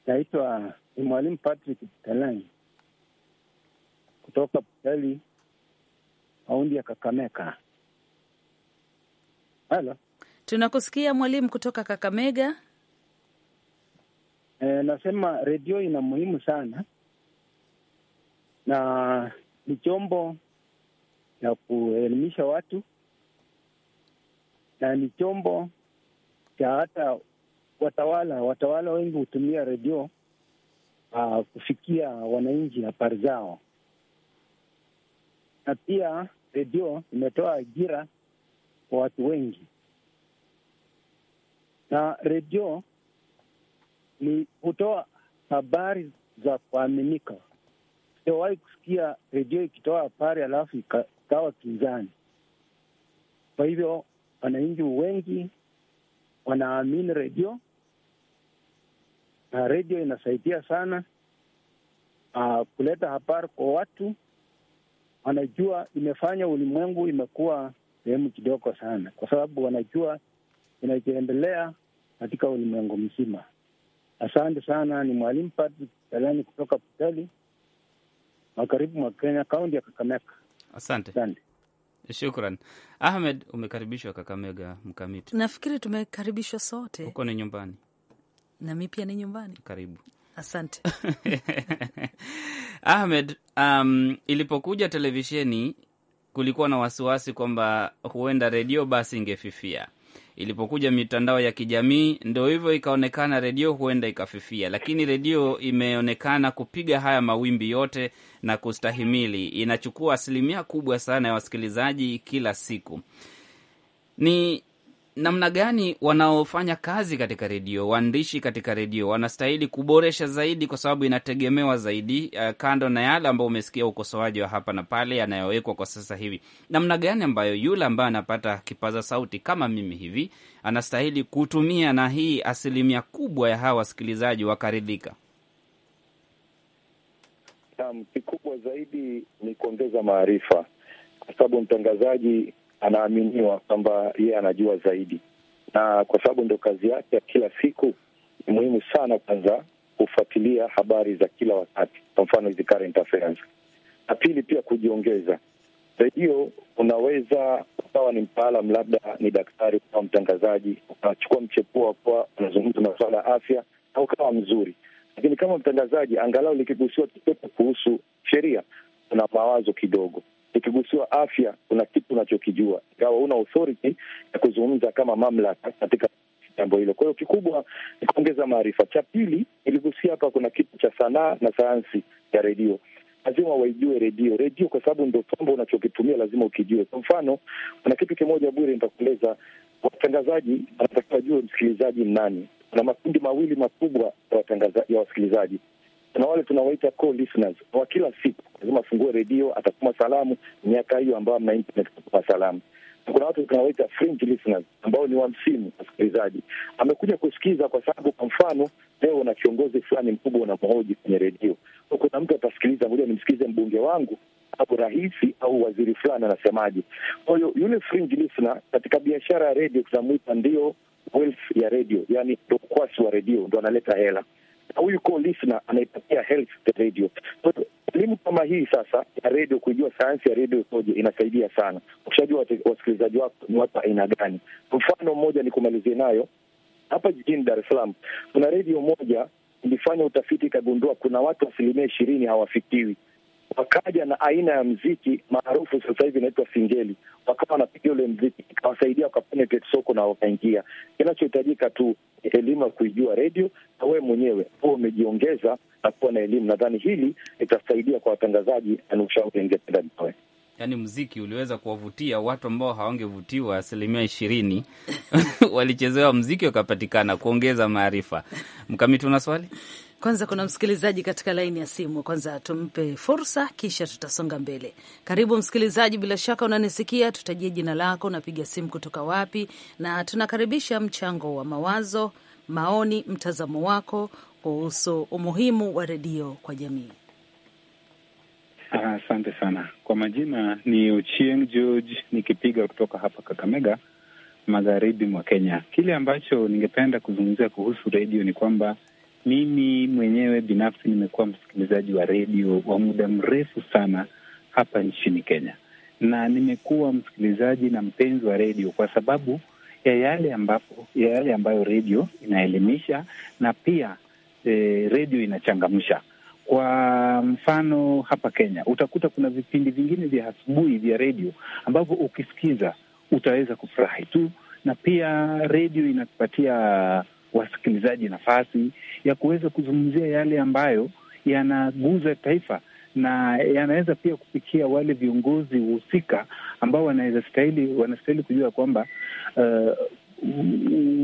Naitwa ni Mwalimu Patrick Talani kutoka Butali aundi ya Kakamega. Halo, tunakusikia mwalimu kutoka Kakamega. E, nasema redio ina muhimu sana na ni chombo cha kuelimisha watu na ni chombo cha hata watawala watawala wengi hutumia redio uh, kufikia wananchi habari zao, na pia redio imetoa ajira kwa watu wengi, na redio ni hutoa habari za kuaminika. Sijawahi kusikia redio ikitoa habari halafu ikawa kinzani. Kwa hivyo wananchi wengi wanaamini redio na redio inasaidia sana uh, kuleta habari kwa watu. Wanajua imefanya ulimwengu imekuwa sehemu kidogo sana, kwa sababu wanajua inachoendelea katika ulimwengu mzima. Asante sana, ni mwalimu Patrick Talani kutoka Putali, magharibi mwa Kenya, kaunti ya Kakamega. Asante, asante. Shukran Ahmed, umekaribishwa Kakamega Mkamiti. Nafikiri tumekaribishwa sote, huko ni nyumbani nami pia ni nyumbani. Karibu, asante (laughs) Ahmed. Um, ilipokuja televisheni kulikuwa na wasiwasi kwamba huenda redio basi ingefifia Ilipokuja mitandao ya kijamii, ndo hivyo ikaonekana redio huenda ikafifia, lakini redio imeonekana kupiga haya mawimbi yote na kustahimili. Inachukua asilimia kubwa sana ya wasikilizaji kila siku. Ni namna gani wanaofanya kazi katika redio, waandishi katika redio wanastahili kuboresha zaidi, kwa sababu inategemewa zaidi, uh, kando na yale ambayo umesikia ukosoaji wa hapa na pale yanayowekwa kwa sasa hivi, namna gani ambayo yule ambaye anapata kipaza sauti kama mimi hivi anastahili kutumia na hii asilimia kubwa ya hawa wasikilizaji wakaridhika? Naam, kikubwa zaidi ni kuongeza maarifa, kwa sababu mtangazaji anaaminiwa kwamba yeye anajua zaidi, na kwa sababu ndio kazi yake ya kila siku, ni muhimu sana kwanza kufuatilia habari za kila wakati, kwa mfano hizi current affairs, na pili pia kujiongeza. Redio unaweza ukawa ni mtaalam, labda ni daktari, ukawa mtangazaji, ukachukua mchepuo kuwa unazungumza masuala ya afya na ukawa mzuri, lakini kama mtangazaji, angalau likigusiwa chochote kuhusu sheria, una mawazo kidogo ikigusiwa afya, kuna kitu unachokijua, ingawa una authority ya kuzungumza kama mamlaka katika jambo hilo. Kwa hiyo kikubwa ni kuongeza maarifa. Cha pili, niligusia hapa, kuna kitu cha sanaa na sayansi ya redio. Lazima waijue redio, redio kwa sababu ndo chombo unachokitumia lazima ukijue. Kwa mfano, kuna kitu kimoja Bwire, nitakueleza. Watangazaji wanatakiwa jue msikilizaji nani. Kuna makundi mawili makubwa ya watangazaji, ya wasikilizaji na wale tunawaita listeners wa kila siku, lazima afungue redio, atatuma salamu miaka hiyo ambayo amna internet kutuma salamu. Kuna watu tunawaita fringe listeners ambao ni wa msimu, wasikilizaji amekuja kusikiza kwa sababu, kwa mfano leo una kiongozi fulani mkubwa unamhoji kwenye redio, kuna mtu atasikiliza, ngoja nimsikilize mbunge wangu au rahisi au waziri fulani anasemaje. Kwa hiyo yule fringe listener katika biashara ya redio tunamwita ndio wealth ya redio, yani ndo ukwasi wa redio, ndo analeta hela na huyu co-listener anaipatia health the radio. So, elimu kama hii sasa ya redio, kuijua sayansi ya redio ikoje, inasaidia sana. Ukishajua wasikilizaji wako ni watu aina gani. Mfano mmoja nikumalizie nayo hapa jijini Dar es Salaam kuna redio moja ilifanya utafiti ikagundua kuna watu asilimia ishirini hawafikiwi wakaja na aina ya mziki maarufu sasa hivi inaitwa singeli, wakawa wanapiga ule mziki, ikawasaidia wakapenetrate soko na wakaingia. Kinachohitajika tu elimu ya kuijua redio, na wewe mwenyewe huwa umejiongeza na kuwa na elimu. Nadhani hili litasaidia kwa watangazaji, ni ushauri ningependa nitoe. Yaani mziki uliweza kuwavutia watu ambao hawangevutiwa asilimia ishirini (laughs) walichezewa mziki wakapatikana, kuongeza maarifa. Mkamiti, una swali? Kwanza kuna msikilizaji katika laini ya simu, kwanza tumpe fursa, kisha tutasonga mbele. Karibu msikilizaji, bila shaka unanisikia, tutajie jina lako, unapiga simu kutoka wapi, na tunakaribisha mchango wa mawazo, maoni, mtazamo wako kuhusu umuhimu wa redio kwa jamii. Ah, asante sana. Kwa majina ni Uchieng George, nikipiga kutoka hapa Kakamega, magharibi mwa Kenya. Kile ambacho ningependa kuzungumzia kuhusu redio ni kwamba mimi mwenyewe binafsi nimekuwa msikilizaji wa redio wa muda mrefu sana hapa nchini Kenya, na nimekuwa msikilizaji na mpenzi wa redio kwa sababu ya yale ambapo ya yale ambayo redio inaelimisha na pia eh, redio inachangamsha. Kwa mfano hapa Kenya utakuta kuna vipindi vingine vya asubuhi vya redio ambavyo ukisikiza utaweza kufurahi tu, na pia redio inatupatia wasikilizaji nafasi ya kuweza kuzungumzia yale ambayo yanaguza taifa na yanaweza pia kupikia wale viongozi husika ambao wanaweza stahili wanastahili kujua kwamba uh,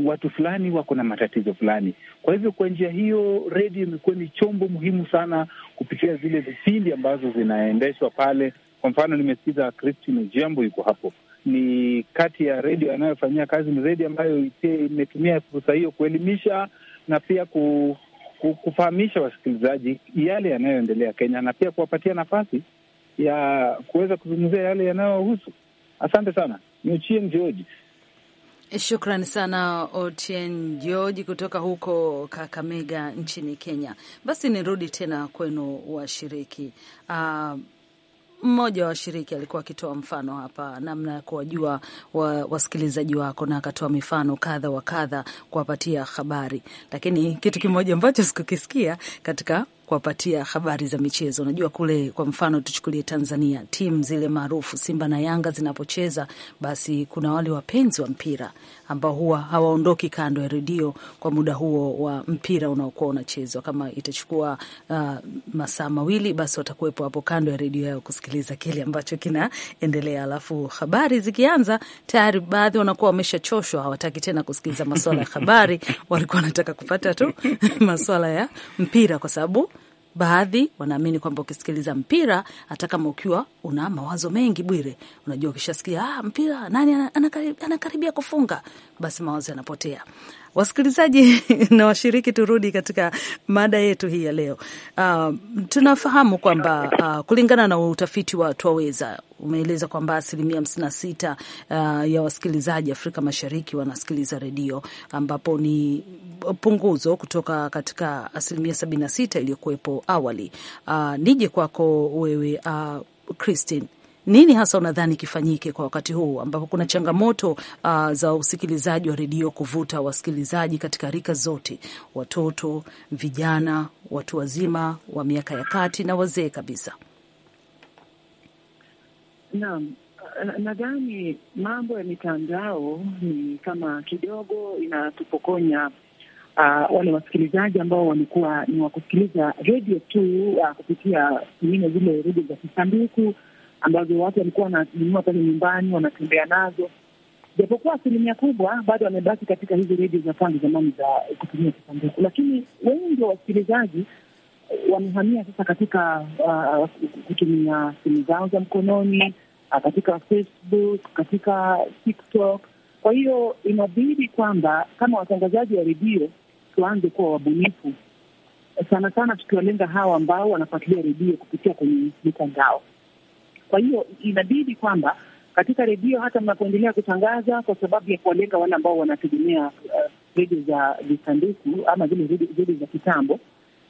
watu fulani wako na matatizo fulani. Kwa hivyo kwa njia hiyo, redio imekuwa ni chombo muhimu sana kupitia zile vipindi ambazo zinaendeshwa pale. Kwa mfano, nimesikiza Christine Jambo yuko hapo ni kati ya redio yanayofanyia kazi ni redio ambayo imetumia fursa hiyo kuelimisha na pia ku, ku, kufahamisha wasikilizaji yale yanayoendelea Kenya na pia kuwapatia nafasi ya kuweza kuzungumzia yale yanayohusu. Asante sana, ni Ochieng George. Shukran sana Otien George kutoka huko Kakamega nchini Kenya. Basi nirudi tena kwenu washiriki. Uh, mmoja wa washiriki alikuwa akitoa mfano hapa namna ya kuwajua wa, wasikilizaji wako na akatoa mifano kadha wa kadha kuwapatia habari, lakini kitu kimoja ambacho sikukisikia katika kuwapatia habari za michezo. Unajua kule kwa mfano tuchukulie Tanzania, timu zile maarufu Simba na Yanga zinapocheza, basi kuna wale wapenzi wa mpira ambao huwa hawaondoki kando ya redio kwa muda huo wa mpira unaokuwa unachezwa. Kama itachukua uh, masaa mawili, basi watakuwepo hapo kando ya redio yao kusikiliza kile ambacho kinaendelea. Alafu habari zikianza, tayari baadhi wanakuwa wameshachoshwa, hawataki tena kusikiliza maswala ya habari, (laughs) walikuwa wanataka kupata tu maswala ya mpira, kwa sababu Baadhi wanaamini kwamba ukisikiliza mpira hata kama ukiwa una mawazo mengi, Bwire, unajua ukishasikia ah, mpira nani anakaribia, anakaribia kufunga, basi mawazo yanapotea. Wasikilizaji (laughs) na washiriki, turudi katika mada yetu hii ya leo. Uh, tunafahamu kwamba uh, kulingana na utafiti wa Twaweza umeeleza kwamba asilimia hamsini na sita uh, ya wasikilizaji Afrika Mashariki wanasikiliza redio ambapo ni punguzo kutoka katika asilimia sabini na sita iliyokuwepo awali. Uh, nije kwako wewe uh, Christine nini hasa unadhani kifanyike kwa wakati huu ambapo kuna changamoto uh, za usikilizaji wa redio kuvuta wasikilizaji katika rika zote, watoto, vijana, watu wazima wa miaka ya kati na wazee kabisa? Naam, nadhani mambo ya mitandao ni kama kidogo inatupokonya uh, wale wasikilizaji ambao walikuwa ni wakusikiliza redio tu uh, kupitia pengine zile redio za kisanduku ambazo watu walikuwa wananunua pale nyumbani wanatembea nazo, japokuwa asilimia kubwa bado wamebaki katika hizi redio za zinafanya zamani za kutumia kisanduku, lakini wengi wa wasikilizaji eh, wamehamia sasa katika uh, kutumia simu zao za mkononi uh, katika Facebook, katika TikTok. Kwa hiyo inabidi kwamba kama watangazaji wa redio tuanze kuwa wabunifu sana sana, tukiwalenga hawa ambao wanafuatilia redio kupitia kwenye mitandao. Kwa hiyo inabidi kwamba katika redio hata mnapoendelea kutangaza, kwa sababu ya kuwalenga wale ambao wanategemea uh, redio za visanduku ama zile redio za kitambo,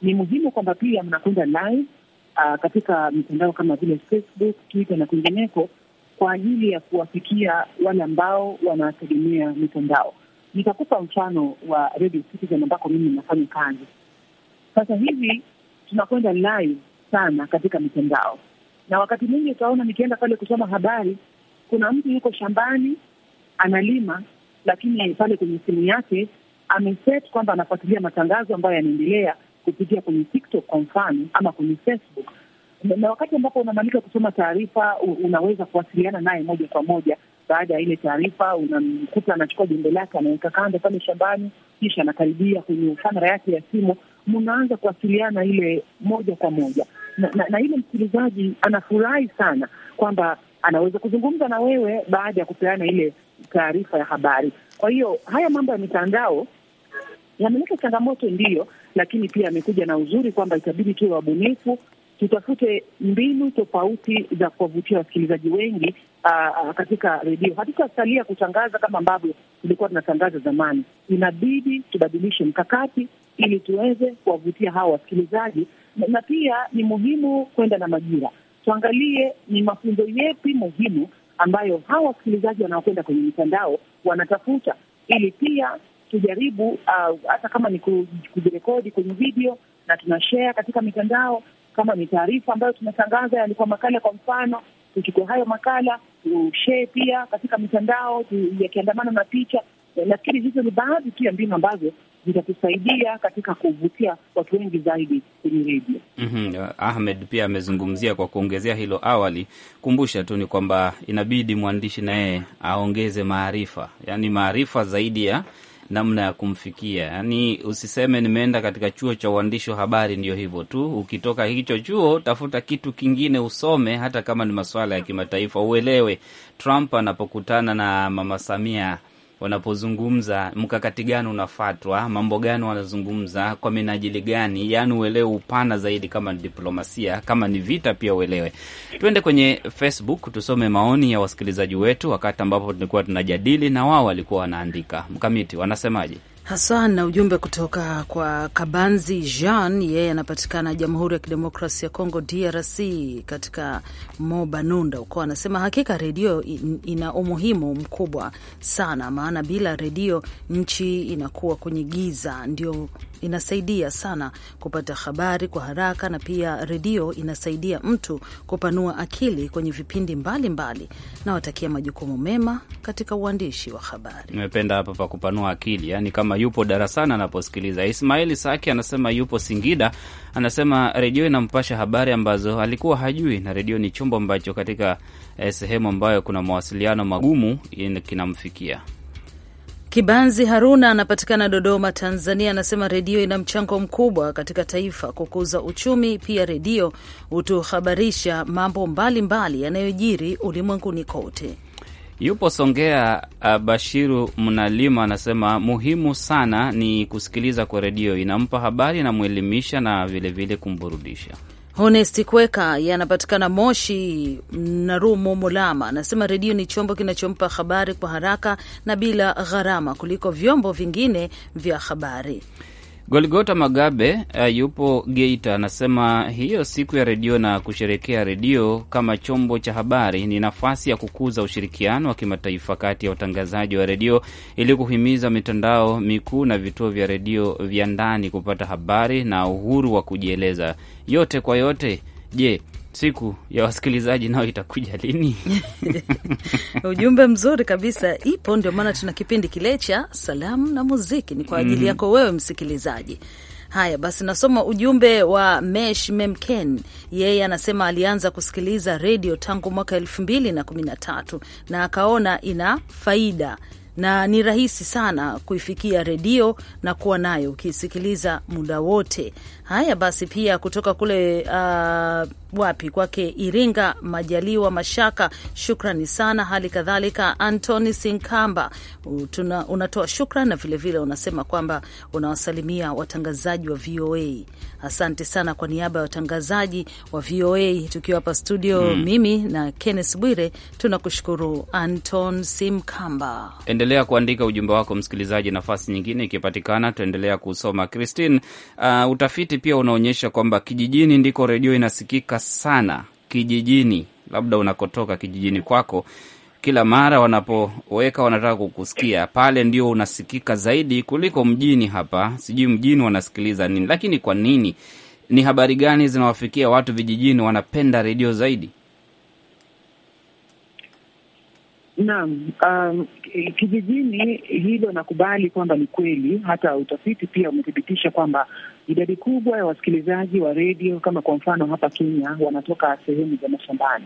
ni muhimu kwamba pia mnakwenda live uh, katika mitandao kama vile Facebook, Twitter na kwingineko kwa ajili ya kuwafikia wale ambao wanategemea mitandao. Nitakupa mfano wa Radio Citizen ambako mimi nafanya kazi sasa hivi. Tunakwenda live sana katika mitandao na wakati mwingi utaona nikienda pale kusoma habari, kuna mtu yuko shambani analima, lakini pale kwenye simu yake ameset kwamba anafuatilia matangazo ambayo yanaendelea kupitia kwenye TikTok kwa mfano, ama kwenye Facebook. Na wakati ambapo unamalika kusoma taarifa, unaweza kuwasiliana naye moja kwa moja baada ya ile taarifa. Unamkuta anachukua jembe lake, anaweka kando pale shambani, kisha anakaribia kwenye kamera yake ya simu, mnaanza kuwasiliana ile moja kwa moja na, na, ile msikilizaji anafurahi sana kwamba anaweza kuzungumza na wewe baada ya kupeana ile taarifa ya habari. Kwa hiyo haya mambo ya mitandao yameleta changamoto ndiyo, lakini pia amekuja na uzuri kwamba itabidi tuwe wabunifu, tutafute mbinu tofauti za kuwavutia wasikilizaji wengi aa, katika redio. Hatutasalia kutangaza kama ambavyo tulikuwa tunatangaza zamani, inabidi tubadilishe mkakati ili tuweze kuwavutia hawa wasikilizaji, na pia ni muhimu kwenda na majira, tuangalie ni mafunzo yepi muhimu ambayo hawa wasikilizaji wanaokwenda kwenye mitandao wanatafuta, ili pia tujaribu uh, hata kama ni kujirekodi kwenye video na tunashare katika mitandao, kama ni taarifa ambayo tunatangaza, yalikuwa makala kwa mfano, tuchukue hayo makala tushee pia katika mitandao yakiandamana na picha. Nafikiri hizo ni baadhi tu ya mbinu ambazo zitatusaidia katika kuvutia watu wengi zaidi kwenye redio. mm -hmm. Ahmed pia amezungumzia kwa kuongezea hilo awali, kumbusha tu ni kwamba inabidi mwandishi naye aongeze maarifa, yaani maarifa zaidi ya namna ya kumfikia. Yaani usiseme nimeenda katika chuo cha uandishi wa habari ndio hivyo tu. Ukitoka hicho chuo, tafuta kitu kingine usome, hata kama ni masuala ya kimataifa uelewe. Trump anapokutana na mama Samia wanapozungumza mkakati gani unafatwa, mambo gani wanazungumza, kwa minajili gani, yaani uelewe upana zaidi, kama ni diplomasia, kama ni vita pia uelewe. Tuende kwenye Facebook tusome maoni ya wasikilizaji wetu, wakati ambapo tulikuwa tunajadili na wao walikuwa wanaandika. Mkamiti, wanasemaje? hasan na ujumbe kutoka kwa Kabanzi Jean, yeye anapatikana Jamhuri ya Kidemokrasi ya Kongo, DRC, katika Mobanunda huko. Anasema hakika redio ina umuhimu mkubwa sana, maana bila redio nchi inakuwa kwenye giza. Ndio inasaidia sana kupata habari kwa haraka, na pia redio inasaidia mtu kupanua akili kwenye vipindi mbalimbali. Nawatakia majukumu mema katika uandishi wa habari. Nimependa hapa pa kupanua akili, yani kama yupo darasani anaposikiliza. Ismaili Saki anasema yupo Singida, anasema redio inampasha habari ambazo alikuwa hajui, na redio ni chombo ambacho katika eh, sehemu ambayo kuna mawasiliano magumu kinamfikia. Kibanzi Haruna anapatikana Dodoma, Tanzania, anasema redio ina mchango mkubwa katika taifa kukuza uchumi. Pia redio hutuhabarisha mambo mbalimbali yanayojiri ulimwenguni kote. Yupo Songea uh, Bashiru Mnalima anasema muhimu sana ni kusikiliza kwa redio, inampa habari, inamwelimisha na vilevile kumburudisha. Honesti Kweka yanapatikana Moshi. Rumu Mulama anasema redio ni chombo kinachompa habari kwa haraka na bila gharama kuliko vyombo vingine vya habari. Golgota Magabe uh, yupo Geita, anasema hiyo siku ya redio na kusherekea redio kama chombo cha habari ni nafasi ya kukuza ushirikiano wa kimataifa kati ya watangazaji wa redio ili kuhimiza mitandao mikuu na vituo vya redio vya ndani kupata habari na uhuru wa kujieleza. Yote kwa yote, je, siku ya wasikilizaji nao itakuja lini? (laughs) Ujumbe mzuri kabisa ipo, ndio maana tuna kipindi kile cha salamu na muziki, ni kwa ajili mhm. yako wewe msikilizaji. Haya basi, nasoma ujumbe wa Mesh Memken. Yeye anasema alianza kusikiliza redio tangu mwaka elfu mbili na kumi na tatu na akaona ina faida na ni rahisi sana kuifikia redio na kuwa nayo ukiisikiliza muda wote. Haya basi, pia kutoka kule uh, wapi kwake Iringa, Majaliwa Mashaka, shukrani sana. Hali kadhalika antoni Sinkamba Utuna, unatoa shukran na vilevile unasema kwamba unawasalimia watangazaji wa VOA. Asante sana kwa niaba ya watangazaji wa VOA tukiwa hapa studio hmm. Mimi na Kenneth Bwire tunakushukuru Anton Simkamba. Endelea kuandika ujumbe wako msikilizaji, nafasi nyingine ikipatikana tuendelea kusoma. Christine, uh, utafiti utafiti pia unaonyesha kwamba kijijini ndiko redio inasikika sana, kijijini, labda unakotoka kijijini kwako kila mara wanapoweka wanataka kukusikia pale, ndio unasikika zaidi kuliko mjini. Hapa sijui mjini wanasikiliza nini, lakini kwa nini? Ni habari gani zinawafikia watu vijijini, wanapenda redio zaidi? Naam, um, kijijini hilo nakubali kwamba ni kweli. Hata utafiti pia umethibitisha kwamba Idadi kubwa ya wasikilizaji wa redio kama kwa mfano hapa Kenya wanatoka sehemu za mashambani.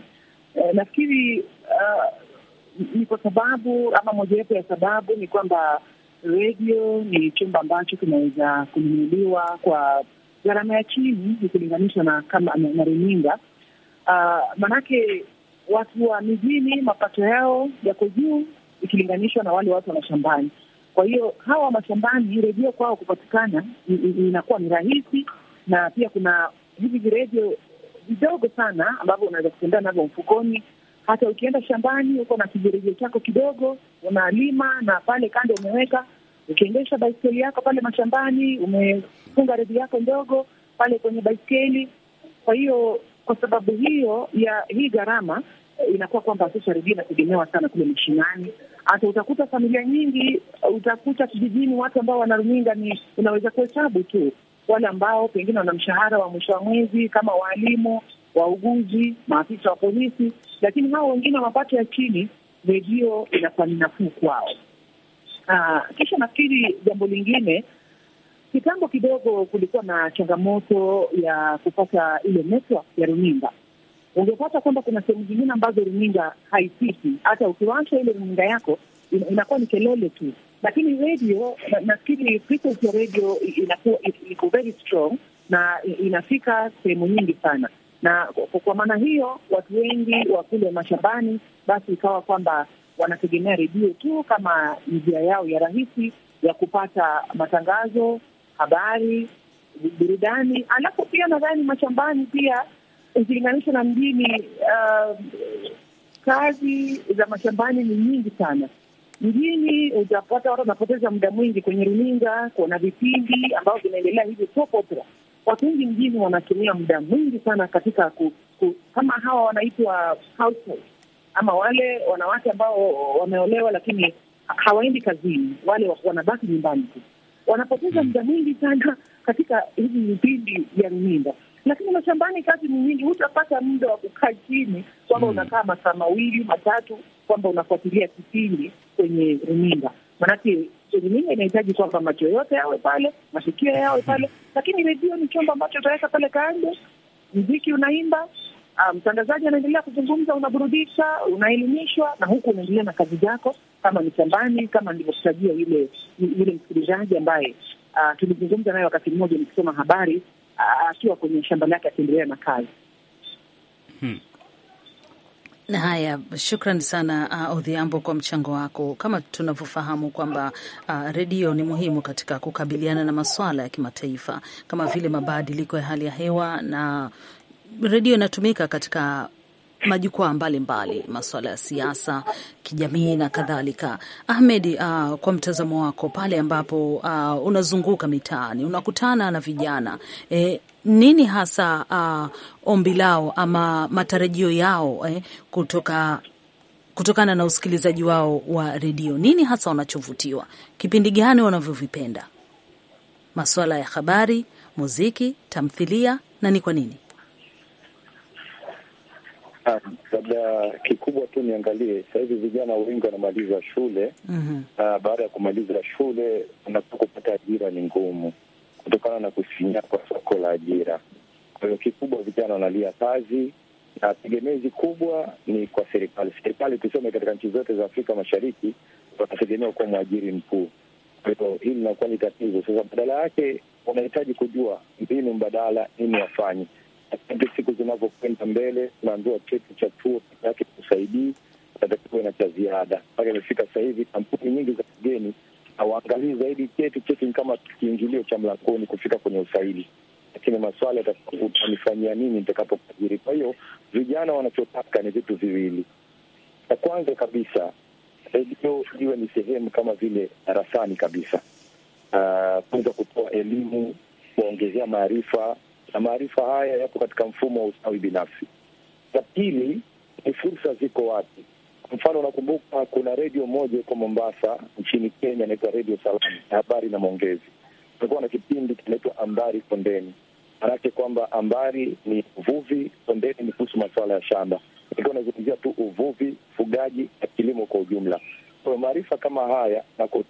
E, nafikiri uh, ni kwa sababu ama mojawapo ya sababu ni kwamba redio ni chumba ambacho kinaweza kununuliwa kwa gharama ya chini ikilinganishwa na kama na runinga. Uh, ah, maanake watu wa mijini mapato yao yako juu ikilinganishwa na wale watu wa mashambani. Kwa hiyo hawa mashambani redio kwao kupatikana inakuwa ni rahisi, na pia kuna hivi viredio vidogo sana ambavyo unaweza kutembea navyo mfukoni. Hata ukienda shambani uko na kijirejeo chako kidogo, unalima na pale kando umeweka, ukiendesha baiskeli yako pale mashambani, umefunga redio yako ndogo pale kwenye baiskeli. Kwa hiyo kwa sababu hiyo ya hii gharama inakuwa kwamba sasa redio inategemewa sana kule mishinani Hata utakuta familia nyingi, utakuta kijijini watu ambao wana runinga ni unaweza kuhesabu tu, wale ambao pengine wana mshahara wa mwisho wa mwezi kama waalimu, wauguzi, maafisa wa polisi, lakini hao wengine wa mapato ya chini, redio inakuwa ni nafuu kwao. Ah, kisha nafikiri jambo lingine kitambo kidogo kulikuwa na changamoto ya kupata ile network ya runinga ungepata kwamba kuna sehemu zingine ambazo runinga haisiki hata ukiwasha ile runinga yako in, inakuwa ni kelele tu, lakini redio nafikiri frequency ya redio inakuwa iko very strong na inafika sehemu nyingi sana, na kwa maana hiyo watu wengi wa kule mashambani, basi ikawa kwamba wanategemea redio tu kama njia yao ya rahisi ya kupata matangazo, habari, burudani. Alafu pia nadhani mashambani pia ukilinganisha na mjini, uh, kazi za mashambani ni nyingi sana. Mjini utapata watu wanapoteza muda mwingi kwenye runinga kuona vipindi ambavyo vinaendelea hivi soap opera. Watu wengi mjini wanatumia muda mwingi sana katika ku, ku, kama hawa wanaitwa household ama wale wanawake ambao wameolewa lakini hawaendi kazini, wale wanabaki nyumbani tu, wanapoteza hmm. muda mwingi sana katika hivi vipindi vya runinga. Lakini mashambani kazi ni nyingi, hutapata muda wa kukaa chini kwamba mm, unakaa masaa mawili matatu, kwamba unafuatilia kipindi kwenye runinga, manake runinga inahitaji kwamba macho yote yawe pale, masikio yawe pale, (laughs) lakini redio ni chombo ambacho utaweka pale kando, mziki unaimba ah, mtangazaji um, anaendelea kuzungumza, unaburudisha, unaelimishwa na huku unaendelea na kazi zako, kama ni shambani, kama nilivyokutajia yule yule msikilizaji ambaye uh, tulizungumza naye wakati mmoja nikisoma habari akiwa kwenye shamba lake akiendelea na kazi hmm. Haya, shukran sana uh, Odhiambo kwa mchango wako. Kama tunavyofahamu kwamba uh, redio ni muhimu katika kukabiliana na maswala ya kimataifa kama vile mabadiliko ya hali ya hewa, na redio inatumika katika majukwaa mbalimbali, masuala ya siasa, kijamii na kadhalika. Ahmed, uh, kwa mtazamo wako pale ambapo uh, unazunguka mitaani unakutana na vijana eh, nini hasa uh, ombi lao ama matarajio yao eh, kutoka kutokana na usikilizaji wao wa redio? Nini hasa wanachovutiwa? Kipindi gani wanavyovipenda? Masuala ya habari, muziki, tamthilia na ni kwa nini? Labda kikubwa tu niangalie sasa hivi vijana wengi wanamaliza shule mm -hmm. Uh, baada ya kumaliza shule wanaa kupata ajira ni ngumu kutokana na kusinya kwa soko la ajira. Kwa hiyo kikubwa vijana wanalia kazi, na tegemezi kubwa ni kwa serikali. Serikali tuseme katika nchi zote za Afrika Mashariki wanategemewa kuwa mwajiri mkuu. Kwa hiyo hili linakuwa ni tatizo sasa. Badala yake unahitaji kujua mbinu mbadala, nini wafanye kadri siku zinavyokwenda mbele, tunaambiwa cheti cha chuo peke yake kusaidii, natakiwa na cha ziada. Mpaka imefika sasa hivi kampuni nyingi za kigeni hawaangalii zaidi cheti. Cheti ni kama kiingilio cha mlangoni kufika kwenye usaili, lakini maswala utanifanyia nini nitakapokuajiri? Kwa hiyo vijana wanachotaka ni vitu viwili. Cha kwanza kabisa redio iwe ni sehemu kama vile darasani kabisa, ah, kuweza uh, kutoa elimu, kuwaongezea maarifa na maarifa haya yapo katika mfumo wa ustawi binafsi. La pili ni fursa ziko wapi? Kwa mfano, nakumbuka kuna redio moja huko Mombasa nchini Kenya inaitwa Redio Salami ya habari na maongezi. Kulikuwa na kipindi kinaitwa Ambari Kondeni, maanake kwamba ambari ni uvuvi, kondeni ni kuhusu masuala ya shamba, ikiwa nazungumzia tu uvuvi, ufugaji na kilimo kwa ujumla. Kwa maarifa kama haya na kwanza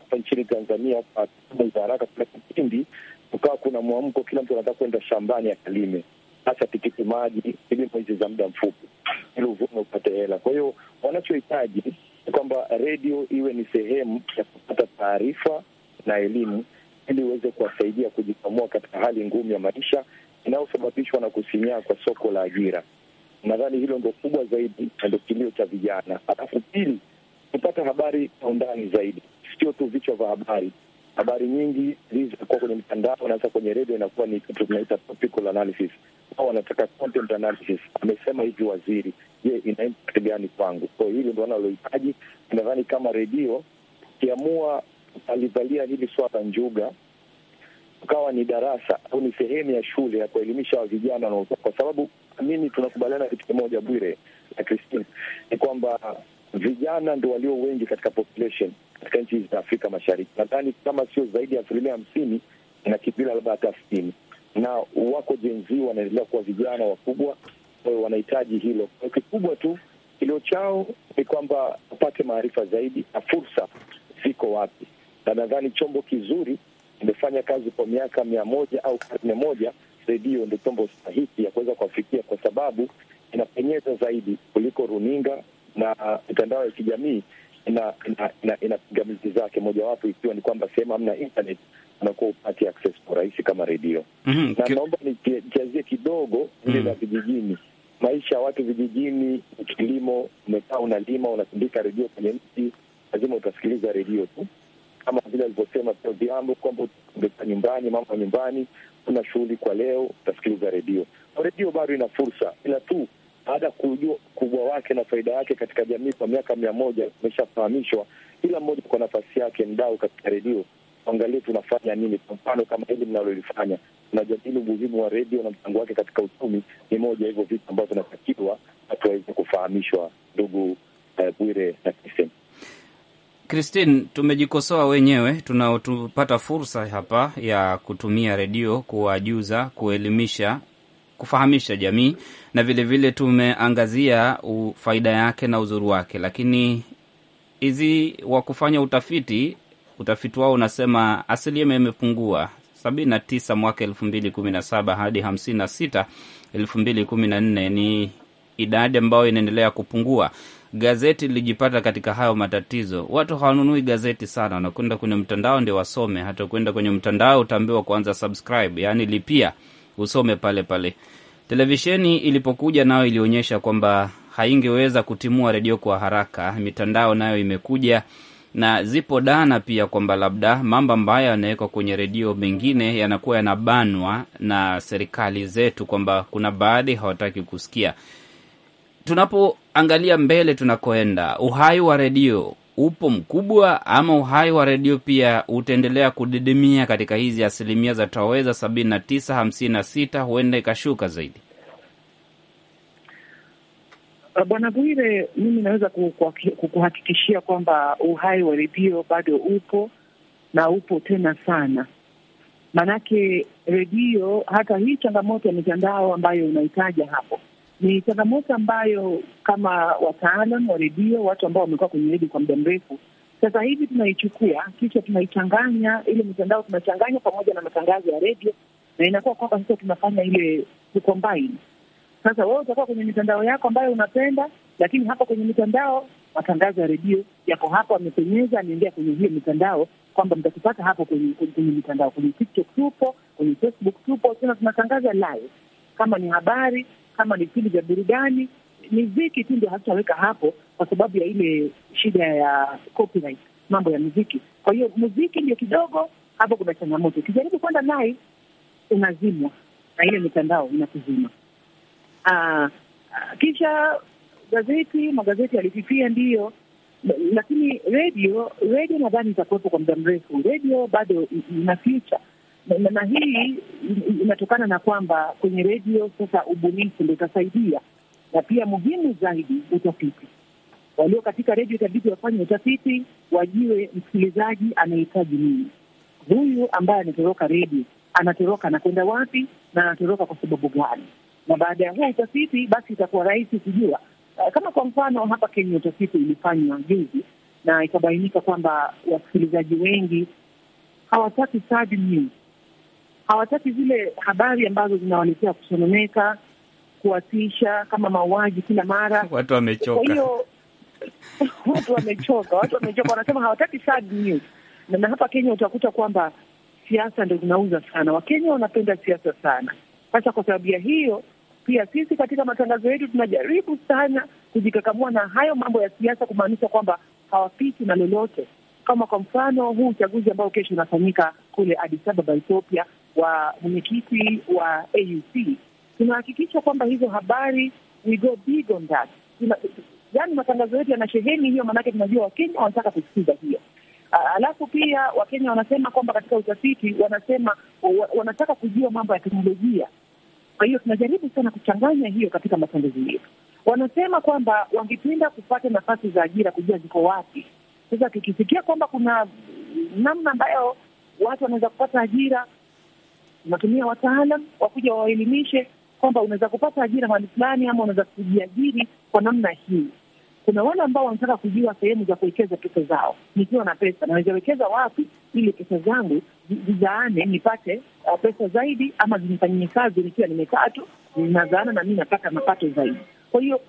hapa nchini Tanzania kwa za haraka, kuna kipindi kukawa kuna mwamko, kila mtu anataka kwenda shambani akalime, hasa tikiti maji, kilimo hizi za muda mfupi, ili uvune upate hela. Kwa hiyo wanachohitaji ni kwamba redio iwe ni sehemu ya kupata taarifa na elimu, ili iweze kuwasaidia kujikwamua katika hali ngumu ya maisha inayosababishwa na kusinyaa kwa soko la ajira. Nadhani hilo ndo kubwa zaidi na ndo kilio cha vijana. Alafu pili, kupata habari kwa undani zaidi, sio tu vichwa vya habari habari nyingi zilizokuwa kwenye mtandao na hasa kwenye redio inakuwa ni kitu tunaita topical analysis, au wanataka content analysis. Amesema hivi waziri, je, ina impact gani kwangu? Kwa hiyo hili ndo wanalohitaji. Nadhani kama redio tukiamua alivalia hili swala njuga, ukawa ni darasa au ni sehemu ya shule ya kuelimisha vijana, kwa sababu mimi tunakubaliana kitu kimoja, Bwire na Christine, ni kwamba vijana ndo walio wengi katika population katika nchi hizi za Afrika Mashariki. Nadhani kama sio zaidi ya asilimia hamsini kibila labda hata sitini, na wako jenzi wanaendelea kuwa vijana wakubwa, wanahitaji hilo. Kikubwa tu kilio chao ni kwamba wapate maarifa zaidi na fursa ziko wapi, na nadhani chombo kizuri imefanya kazi kwa miaka mia moja au karne moja. Redio ndio chombo stahiki ya kuweza kuwafikia kwa sababu inapenyeza zaidi kuliko runinga na mitandao ya kijamii ina ina pingamizi zake, mojawapo ikiwa ni kwamba sehemu hamna internet, unakuwa upati access kwa rahisi kama redio. mm -hmm. Na naomba nichazie kidogo vile la mhm. vijijini, maisha ya watu vijijini kilimo. Umekaa unalima, unasindika redio kwenye mti, lazima utasikiliza redio tu, kama vile alivyosema pia Viambo kwamba utaongekaa nyumbani, mambo ya nyumbani, una shughuli kwa leo, utasikiliza redio. Redio bado ina fursa, ila tu baada ya kujua ukubwa wake na faida yake katika jamii kwa miaka mia moja umeshafahamishwa, kila mmoja kwa nafasi yake, mdau katika redio angalie tunafanya nini. Kwa mfano kama hili mnalolifanya, tunajadili umuhimu wa redio na mchango wake katika uchumi, ni moja hivyo vitu ambavyo tunatakiwa watu waweze kufahamishwa, ndugu eh, Bwire na Kristen. Christine, tumejikosoa wenyewe tunaotupata fursa hapa ya kutumia redio kuwajuza, kuelimisha kufahamisha jamii na vilevile tumeangazia faida yake na uzuri wake, lakini hizi wa kufanya utafiti, utafiti wao unasema asilimia imepungua 79 mwaka 2017 hadi 56 2014. Ni idadi ambayo inaendelea kupungua. Gazeti lilijipata katika hayo matatizo. Watu hawanunui gazeti sana, wanakwenda kwenye mtandao ndio wasome. Hata kwenda kwenye mtandao utaambiwa kuanza subscribe, yani lipia usome pale pale. Televisheni ilipokuja nayo ilionyesha kwamba haingeweza kutimua redio kwa haraka. Mitandao nayo imekuja na zipo dana pia kwamba labda mambo ambayo yanawekwa kwenye redio mengine yanakuwa yanabanwa na serikali zetu, kwamba kuna baadhi hawataki kusikia. Tunapoangalia mbele tunakoenda, uhai wa redio upo mkubwa ama uhai wa redio pia utaendelea kudidimia katika hizi asilimia za taweza sabini na tisa hamsini na sita huenda ikashuka zaidi? Uh, Bwana Bwire, mimi naweza kukuhakikishia kwamba uhai wa redio bado upo na upo tena sana, maanake redio, hata hii changamoto ya mitandao ambayo unahitaja hapo ni changamoto ambayo kama wataalam wa redio, watu ambao wamekuwa kwenye redio kwa muda mrefu, sasa hivi tunaichukua kisha tunaichanganya ile mitandao, tunachanganya pamoja na matangazo ya redio, na inakuwa kwamba sasa tunafanya ile kucombine. Sasa wewe utakuwa kwenye mitandao yako ambayo unapenda, lakini hapa kwenye mitandao matangazo ya redio yako hapo, amepenyeza ameingia kwenye hiyo mitandao, kwamba mtakupata hapo kwenye kwenye mitandao. Kwenye TikTok tupo, kwenye Facebook tupo, tena tunatangaza live. Kama ni habari kama ni vipindi vya burudani, miziki tu ndio hatutaweka hapo kwa sababu ya ile shida ya copyright, mambo ya muziki. Kwa hiyo muziki ndio kidogo hapo kuna changamoto. Ukijaribu kwenda naye unazimwa na ile mitandao inakuzima. Aa, ah, ah, kisha gazeti, magazeti yalififia ndiyo, lakini redio redio nadhani itakuwepo kwa muda mrefu. redio bado ina future na, na hii inatokana na kwamba kwenye redio sasa ubunifu ndo utasaidia, na pia muhimu zaidi utafiti. Walio katika redio itabidi wafanye utafiti, wajue msikilizaji anahitaji nini, huyu ambaye anatoroka redio anatoroka anakwenda wapi na anatoroka kwa sababu gani, na baada ya huo utafiti basi itakuwa rahisi kujua. Eh, kama kwa mfano hapa Kenya utafiti ulifanywa juzi na ikabainika kwamba wasikilizaji wengi hawataki sad news hawataki zile habari ambazo zinawaletea kusononeka, kuwatisha kama mauaji kila mara. (laughs) Watu wamechoka, kwa hiyo (laughs) watu wamechoka, watu wamechoka, wanasema hawataki sad news. Na hapa Kenya utakuta kwamba siasa ndo zinauza sana, Wakenya wanapenda siasa sana. Sasa kwa sababu ya hiyo pia sisi katika matangazo yetu tunajaribu sana kujikakamua na hayo mambo ya siasa, kumaanisha kwamba hawapiti na lolote. Kama kwa mfano huu uchaguzi ambao kesho unafanyika kule Addis Ababa, Ethiopia, wa mwenyekiti wa AUC, tunahakikisha kwamba hizo habari we go big on that. matangazo yetu yanasheheni hiyo, maanake tunajua Wakenya wanataka kusikiza hiyo. Alafu pia Wakenya wanasema kwamba katika utafiti wanasema wanataka kujua mambo ya teknolojia, kwa hiyo tunajaribu sana kuchanganya hiyo katika matangazo yetu. Wanasema kwamba wangependa kupata nafasi za ajira, kujua ziko wapi. Sasa tukisikia kwamba kuna namna ambayo watu wanaweza kupata ajira, unatumia wataalam wakuja wawaelimishe kwamba unaweza kupata ajira mahali fulani ama unaweza kujiajiri kwa namna hii. Kuna wale ambao wanataka kujua sehemu za kuwekeza pesa zao, nikiwa na pesa naweza wekeza wapi ili pesa zangu zizaane, nipate uh, pesa zaidi ama zinifanyie kazi nikiwa nimekaa tu, nazaana na mi napata mapato zaidi. Kwa hiyo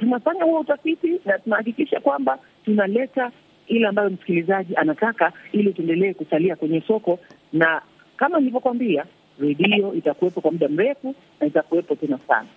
tunafanya huo utafiti na tunahakikisha kwamba tunaleta ile ambayo msikilizaji anataka, ili tuendelee kusalia kwenye soko na kama nilivyokwambia redio itakuwepo kwa muda mrefu na itakuwepo tena sana.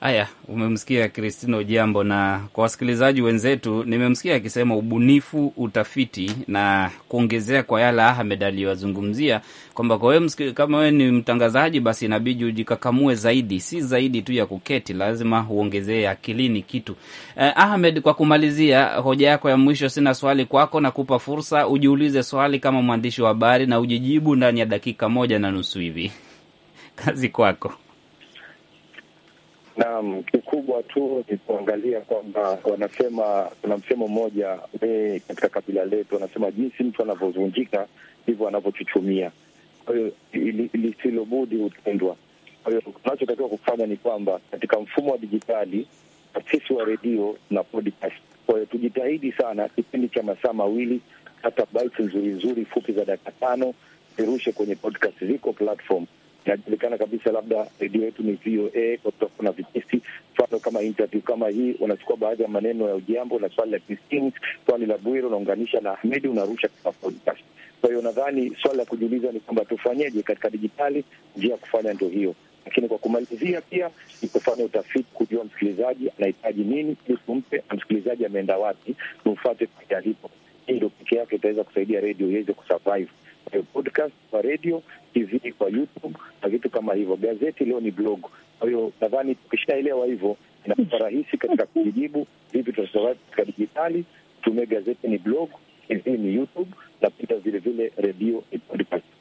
Haya, umemsikia kristino Ojiambo. Na kwa wasikilizaji wenzetu, nimemsikia akisema ubunifu, utafiti na kuongezea kwa yale Ahmed aliyowazungumzia kwamba kwa msikia, kama wewe ni mtangazaji, basi inabidi ujikakamue zaidi, si zaidi tu ya kuketi, lazima uongezee akilini kitu. Eh, Ahmed, kwa kumalizia hoja yako ya mwisho, sina swali kwako, nakupa fursa ujiulize swali kama mwandishi wa habari na ujijibu ndani ya dakika moja na nusu hivi. (laughs) Kazi kwako. Naam, kikubwa tu ni kuangalia kwamba wanasema, kuna msemo mmoja we eh, katika kabila letu wanasema, jinsi mtu anavyovunjika ndivyo anavyochuchumia. Kwa hiyo lisilobudi hutendwa. Kwa hiyo tunachotakiwa kufanya ni kwamba katika mfumo wa dijitali, taasisi wa redio na podcast, kwa hiyo tujitahidi sana, kipindi cha masaa mawili, hata baiti nzuri nzuri fupi za dakika tano zirushe kwenye podcast, ziko platform inajulikana kabisa, labda redio yetu ni VOA kwa kutakuwa na vipisi mfano kama interview kama hii, unachukua baadhi ya maneno ya ujambo na swali la Christine, swali la Bwire, unaunganisha na Ahmedi, unarusha kama podcast. Kwa hiyo nadhani swali la kujiuliza ni kwamba tufanyeje katika dijitali. Njia ya kufanya ndio hiyo, lakini kwa kumalizia pia ni kufanya utafiti, kujua msikilizaji anahitaji nini, ili tumpe na msikilizaji ameenda wapi, tumfate pale alipo. Hii ndo peke yake itaweza kusaidia redio iweze kusurvive. Eh, podcast, kwa radio, TV, kwa YouTube na vitu kama hivyo. Gazeti leo ni blog. Kwa hiyo nadhani tukishaelewa hivyo inakuwa rahisi katika kujijibu vipi tutasurvive katika dijitali. Tumia gazeti ni blog hii ni YouTube na pia vile vile redio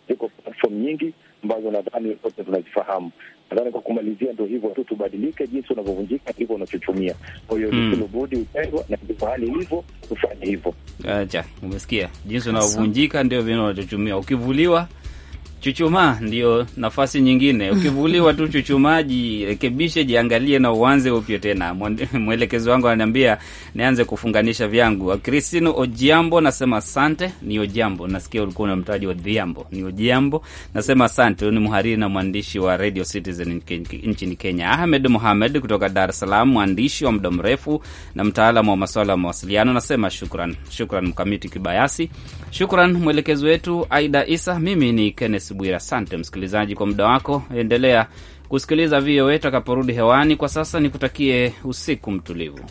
Ziko platform nyingi ambazo nadhani ote tunazifahamu. Nadhani kwa kumalizia, ndo hivyo tu, tubadilike jinsi unavyovunjika ndivyo unachotumia. Kwa hiyo hmm. ilobudi upendwa na ndivyo hali ilivyo, tufanye hivyo. Acha umesikia jinsi unavyovunjika ndio vile unachotumia ukivuliwa Chuchumaa ndio nafasi nyingine. (laughs) Ukivuliwa tu chuchumaa, jirekebishe, jiangalie na uanze upyo tena. Mwelekezi wangu ananiambia nianze kufunganisha vyangu. Cristino Ojiambo nasema asante. Ni Ojiambo, nasikia ulikuwa unamtaja Odhiambo. Ni Ojiambo nasema asante. Ni mhariri na mwandishi wa Radio Citizen nchini Kenya. Ahmed Muhamed kutoka Dar es Salaam, mwandishi wa muda mrefu na mtaalamu wa maswala ya mawasiliano, nasema shukran. Shukran Mkamiti Kibayasi, shukran mwelekezi wetu Aida Isa. Mimi ni Kenneth Kenneth Bwira. Asante msikilizaji kwa muda wako, endelea kusikiliza VOA takaporudi hewani. Kwa sasa ni kutakie usiku mtulivu.